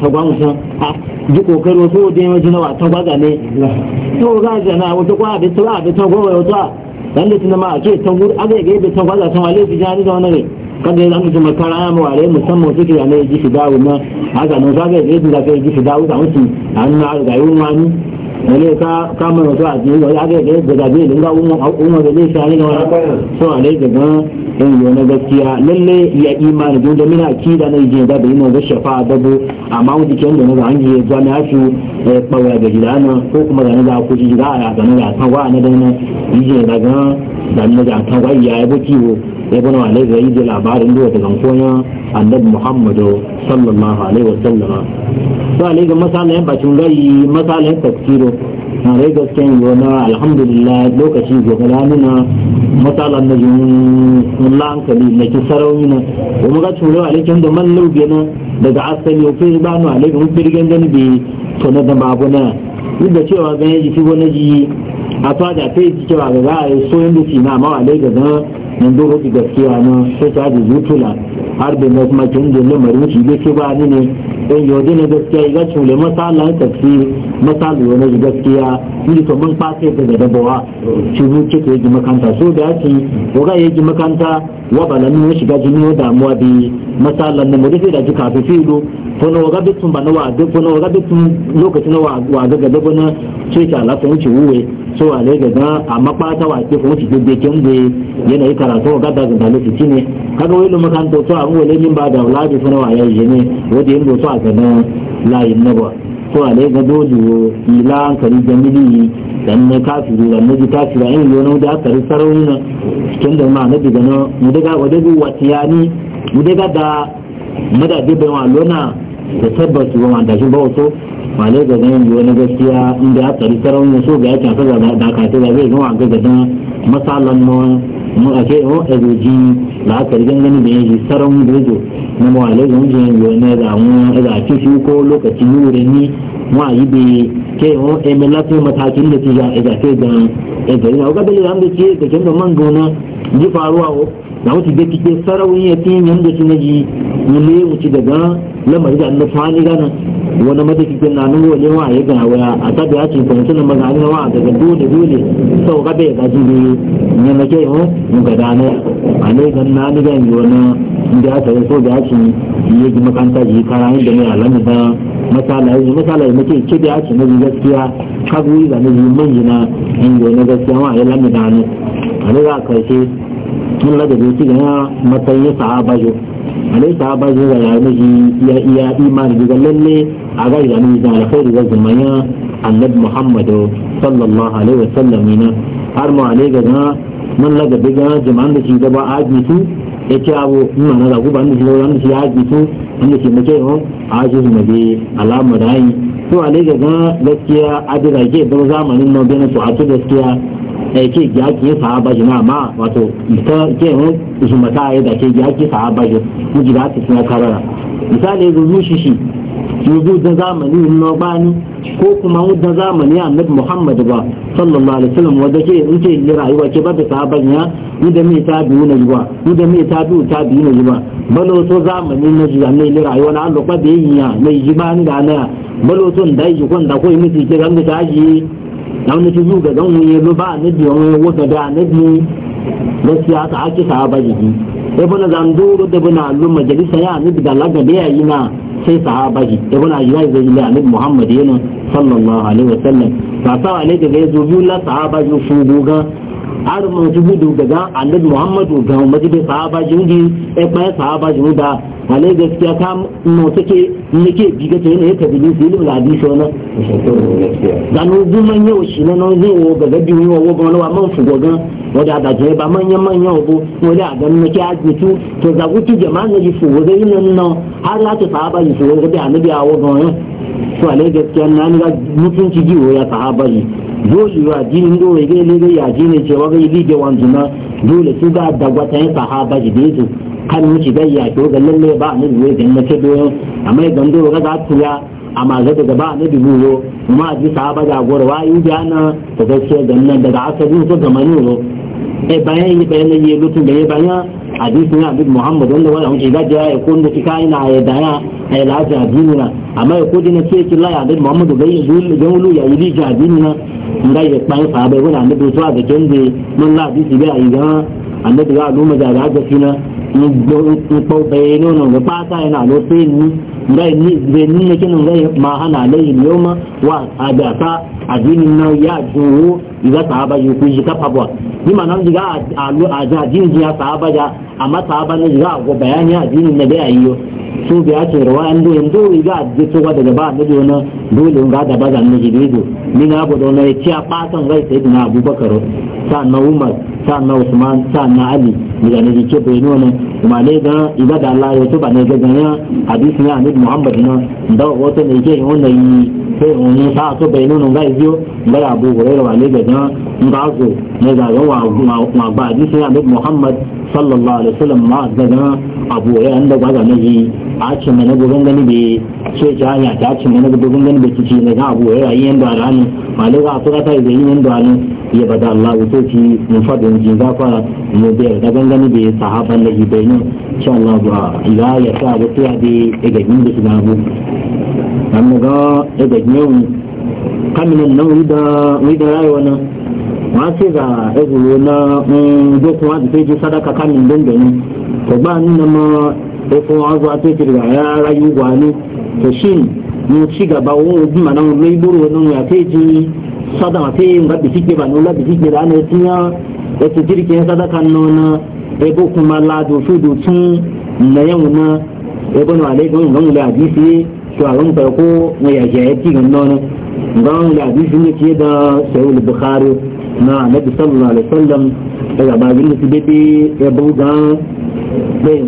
ha duk so da na ne to ga wata ta ba da ta gwawa wata dan da tunama ake ta gur aga ga ta ta da ne kada yana cikin makara ya maware musamman suke yana yi gishi dawo na haka nan zaga ya zai zaga ya gishi dawo da an na algayin wani wani ka mana wasu a cikin wani aka yi da zabe da ga umar da zai shani da wani so a lai daga yin yi na gaskiya lalle ya imani don da mina akida na ijin da bai mawa shafa dabo amma wani cikin da na ga hangi ya zama ya su ɓaura da ko kuma da na ga kuci gida a ga na ga tawa na da na ijin daga dan da ga kan wai ya ya bana alai labarin duwa daga koya annabi muhammadu sallallahu alaihi to alai ga bakin gai masalan tafsiro na rai gasken yona alhamdulillah lokacin gobala nuna matsalan na jin lankali na ki sarauni na muka tura alaikin da daga asali ko alaikin firgen duk cewa yi wani ji a to da ta yi cewa ga za a yi soyin da na ma walai da zan nan doro ki gaskiya na sai ta da zutula har da na kuma kin gelle marin shi da ke ba ni ne eh, dan yodi na gaskiya ga cule masala tafsir masala wani gaskiya ni to mun fasa da da bawa shi ce ke yi makanta so da yake ya yi makanta wa balanin ya shiga jini damuwa bi masalan na mu da ji kafi filo fono waga bitun ba na wa fono waga bitun lokacin wa ga gaba na ce ta lafiya wuce wuwe so wa le gaga amma bata wa ke fuci gbe kin be yanayi karatu ga da ga dalibi shine kaga wai lumu to to an wale min ba da wulaji sana wa yayi jini wanda yin do a gaban layin na ba to a le ga dodu ila kari jamili dan ne kafiru dan ne kafiru in yo da kari sarauni na cikin da ma na diga no mu daga wadagu watiyani mu daga da madadi bai wa lona da tabbas ba ma da shi ba wato ma ne ga ganin yi wani gaskiya inda ya tsari sarauni so ga yakin sa da ka ta zai zama ga gadan matsalan mu mu a mun o e a zoji da aka rigan gani da yanzu saran gozo na mawale da wajen yanzu wani na zamu e a ake shi ko lokacin wurin ni mu a yi bi ke yawon emilatu matakin da su ja ezafe da ya ezari na wuka dalilan da ke da kyan da man gona ji faruwa o na wuce da kike sarawun ya fi yin yanzu su na ji mu ne wuce daga lamarin da an da ni gana wani madaki na nuna ne wa ya gawa ya a tabi ya ce kwanci na maza ne wa daga dole dole sau gabe ya gaji ne ne na ke yi oh, mu ga dane a ne gan na ni gan yi wani inda ya sayi so da ya ce yi ji makanta ji kara yin da a alamu da masala yi ji masala ya mace ce da ya ce na ji gaskiya kagu yi da na ji man ji na yin da wani gaskiya wa ya lamu da ne a ne za a karshe tun mun ladabe ci ga matsayin sahaba jo alai sahaba jo ga ya ne ya imani daga lalle a ga idanu yi zan alfairi zan zumanya annabi muhammadu sallallahu alaihi wa sallam ne har mu ale ga zan man laga biga an da shi gaba a ajiye su ya ce abu in ma na zagu ba inda shi gaba inda shi ya ajiye su inda shi muke yi a ajiye su mabe alamu da yi to ale ga zan gaskiya a bi rage ba zamanin na bi na to a to gaskiya a ke ya ke yi sa'a bajin amma wato ita ke yi zumata a yi da ke ya ke sa'a bajin mu ji da ta fi karara misali ya zo zuwa shi yanzu da zamani na bani ko kuma da zamani annabi Muhammad ba sallallahu alaihi wasallam wanda ke in ce ni rayuwa ke bada da sahaban ya ni da mai ta biyu na yuwa ni da mai ta biyu ta biyu na yuwa balo so zamani na jiya ne ni rayuwa na Allah ba da yin ya mai jimani da na balo so da yi kon da ko mi ke ran da yi dan ne ju ga dan mu ba ne biyo mu wata da ne bi gaskiya ta ake sahaba jiki sai bana zan duro da bana al'umma majalisa ya ni da lagade da yayi na sai sahabaji ji da bana yi zai ila annabi muhammad yana sallallahu alaihi wasallam ba sa alai da zai zo biyu la sahabaji su fuguga har ma jibu da gaga annabi muhammadu ga majidi sahaba jingi e ba sahaba jingi da wale gaskiya ta mu take nake biga ta ne ta bilin su ilmu hadisi wannan dan ubu man yau shi na nan zai wo gaga biyu wo wo ba man fu goga wada da je ba man yan man yau bo wada nake ajitu to za gutu jama'a ne fu goga yin nan har la ta sahaba ji fu goga da annabi a wo goga to wale gaskiya ga mutunci ji ya sahaba dole wa jinin do ya gele ga ya jini ce wa ga yi ga wanzuma dole su ga dagwa ta yin sahaba ji da su kan mu shiga ya to ga lalle ba ne ne ga na ce doyon amma ga ndo ga za su e ya amma e ga daga ba ne dubu kuma ji sahaba da gorwa yi ga na ta gaskiya ga nan daga asali ko ga maniro e bayan yi bayan yi lutun da ya bayan hadisi na abin muhammad wanda wani hunci gaji ya a da cika ina ya a yi lafi addini na amma ya kodi na ce ki laya abin muhammad bai zulu ya yi lija addini na yi ya kpan sahabai wani abin da tuwa ga kende mun la hadisi bai a yi gama annabi za alu luma jara ga fina in kwaukwaye nono ga fata yana lofe ni zai nuna kinin zai ma hana layin yoma wa ada gasa addinin na ya juwo iza sahaba yi ku shi kafa ba ni ma nan diga a jajin jiya sahaba ja amma sahaba ne diga a go bayani addinin na da yiyo su biya ce rawa an doyin doyi ga ji tuwa daga ba na jona dole ga da ba zan ne jibido ni na abu da wani ya ciya fatan zai sai na abubakar sa na umar sa'an na usman sa'an na ali daga ne ke bai wani kuma ne ga iba da allah ya tuba ne ga ganya hadisi ne muhammad na da wato ne ke wannan yi sai in ne ta so bai nuna ga biyo ga abu hurairah wale ga jan in ga zo ne da ga wa ba ji sai annabi muhammad sallallahu alaihi wasallam ma ga jan abu ya an da ga ga ne a ce mai na gurin gani bai ce ta hanya ta ce mai na gurin gani bai ci ne ga abu ya yi yanda ranin wale ga fara mu bai da gangani bai sahaban da ji bai ne insha Allah ba ya ya ta da ta da ga inda su na amma ga daga yau kaminan nan wida rayuwa nan wọ́n sì ra ẹgbùrú náà ń dókun wá ti pé ju sádàkà kánì lóńdòní kò gbà nínú mọ ẹfọ ọgbà tó ti rà rárá yìí wà ní kòṣìn ní ṣìgàbà owó ojú màná wọn lóyún gbòòrò nínú àkéjì sádà àti nǹkan bìtì gbé bàánú lábìtì gbé lánà ẹtì yẹn ẹtì jírí kìí sádàkà nínú ẹgbókun máa ládùn fúdù tún nìyẹn shugaban farko mai yajayaki ga nono wani da hadisi ne ke da sayul bukhari na annabi sallallahu alaihi wasallam daga babin da su bebe ya buga bai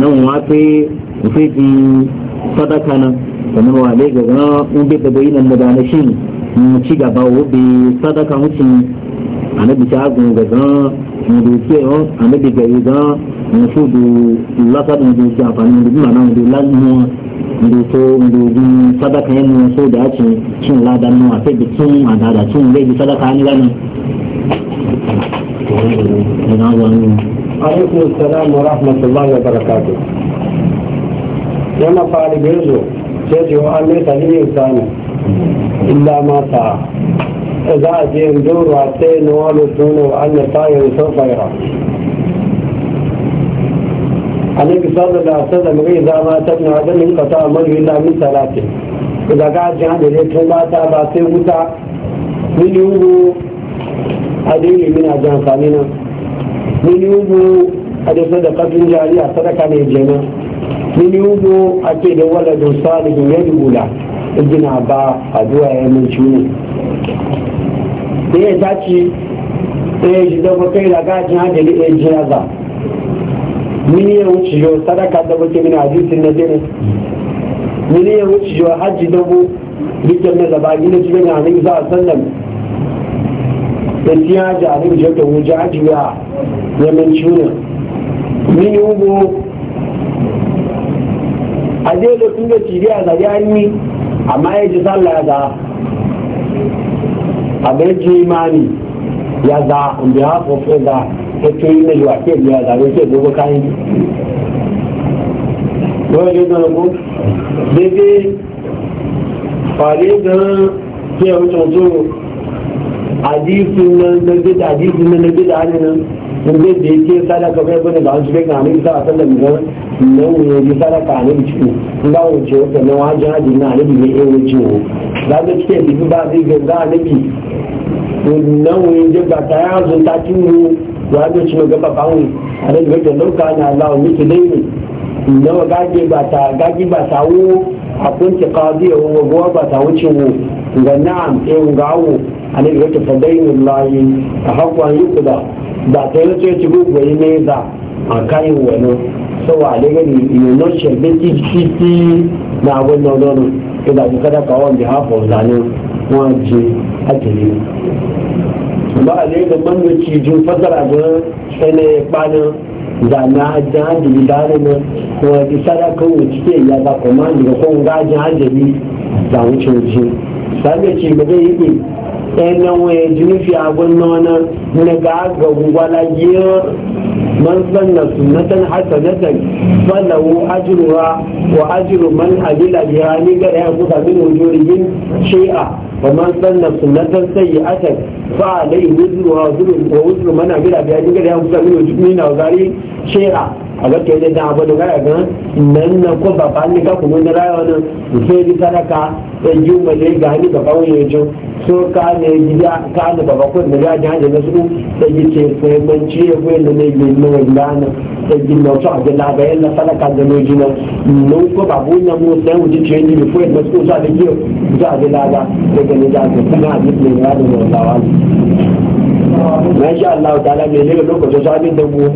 nan wafe sai ji sadaka nan sannan wa ne gaga in bai da bayinan da na shi ci gaba wobe sadaka mutum a annabi ta ga gaga mu duke yo oh, annabi ga gari ga mu fudu lasadin duke amfani da mana da lalmuwa ndoto ndobi sadaka yana so da ake cin ladan nawa sai da cin adada cin zai bi sadaka ni ganin alaikum assalam wa rahmatullahi wa barakatuh yana fara bezo sai ce wa an nesa ne insani illa ma ta za a je in doro a tsaye na wani tuno an na tayar sau fayara annabi sallallahu alaihi wasallam ga idza ma na ta tabna adam in qata amalu illa min salati idza ga jin da ne tun ba ta ba sai wuta min yungu adini min ajan fanina min yungu ada sadaqatun jariya sadaka ne jena min yungu ake da waladun salihin yadula ijina ba addu'a ya mun ciwo da ya tace eh da bakai da gajin hajji da ya jira ba miliyan wuce yau sadaka da muke mini hadisin na dare miliyan wuce yau hajji na dabo dukkan na zaba gina cikin hannun za a sallam da siya ji a rubuce da wuce hajji ya yamin cuna mini ugo a zai da tun da tiri a zari an yi amma ya ji sallah za a bai ji imani ya za on behalf of Allah ẹ̀kẹ́ ilé ìwà tí èmi àdàlẹ́ tí èmi wọ́n káyé. wọ́n yóò dán ko dédé pàdé gan-an tí ẹ̀rọ tuntun àdìsí nẹ́gbẹ́dẹ́ àdìsí nẹ́gbẹ́dẹ́ àdìsí inda da yake sadaka kai bane ba an shiga ga annabi sallallahu alaihi wasallam nan ne ya sadaka annabi ciki ba wuce wata na wajen haji na annabi ne eh wuce wo da ga cike bibi ba zai ga annabi nan ne ya ba ta yazo ta mu. wa ne ci ga babawu a da ga lauka na Allah ne ki dai ne nawa gage ba ta gage ba ta wo a kunci qadi wa wa ba ta wuce wo ga na'am eh ga a ne ga ta fadainu lahi a yi yukuda ba ta yi ce ci gugu yi ne a kai wani sawa ne ga ni you not shall titi na abun nono ida ji kada ka on behalf of zanin wọn je ba ne ga mamaci jin fasara ga sanaye kwanan zana jihadi dare na kuma ki sadaka wuce ke ya ba kuma daga kun ga hajjabi da wuce wuce sabe ci ba zai yi ɗan nan waya jini fi a nona na ga ga gwala yiyo man san haka sunnatan hasanatan falahu ajruha wa ajru man amila biha ni ga ya kusa min wujurihim shi'a kamar sanna sunnatar sayi atar fa alai wuzuru ha wuzuru ko wuzuru mana gida biya jigar ya fusa mino jimina wazari shera a ga ke da abu da gara gan nan na ko baba ni ka kuma da rayo nan sai bi sadaka da juma ne ga ni baba wani jo so ka ne gida ka ne baba ko ne ga ja da su da yake sai ban ci ya ko ne ne ne ne da nan da ji no to ga la na sadaka da ne ji nan ko bu na mu sai mu ji ce ni ko ne su sa da ki za da la da daga ne da ka na ji ne ya da wallahi na sha Allah ta'ala mai lera lokacin sami dago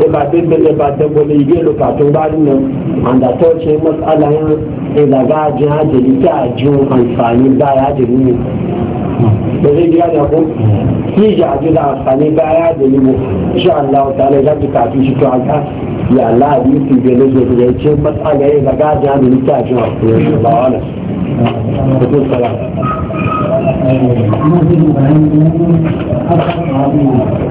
da ba fin da da ba dago da ibe lokacin ba nan an da tauce matsala yin ilaga jin hajjali ta jin amfani ba ya jiri ne da zai biya da ku shi ji a ji da amfani ba ya jiri mu sha Allah ta'ala za ki kafin shi to an ka ya Allah yi su bele da ya ce matsala yin ilaga jin hajjali ta jin amfani ba wa ne. ما في مبين أكثر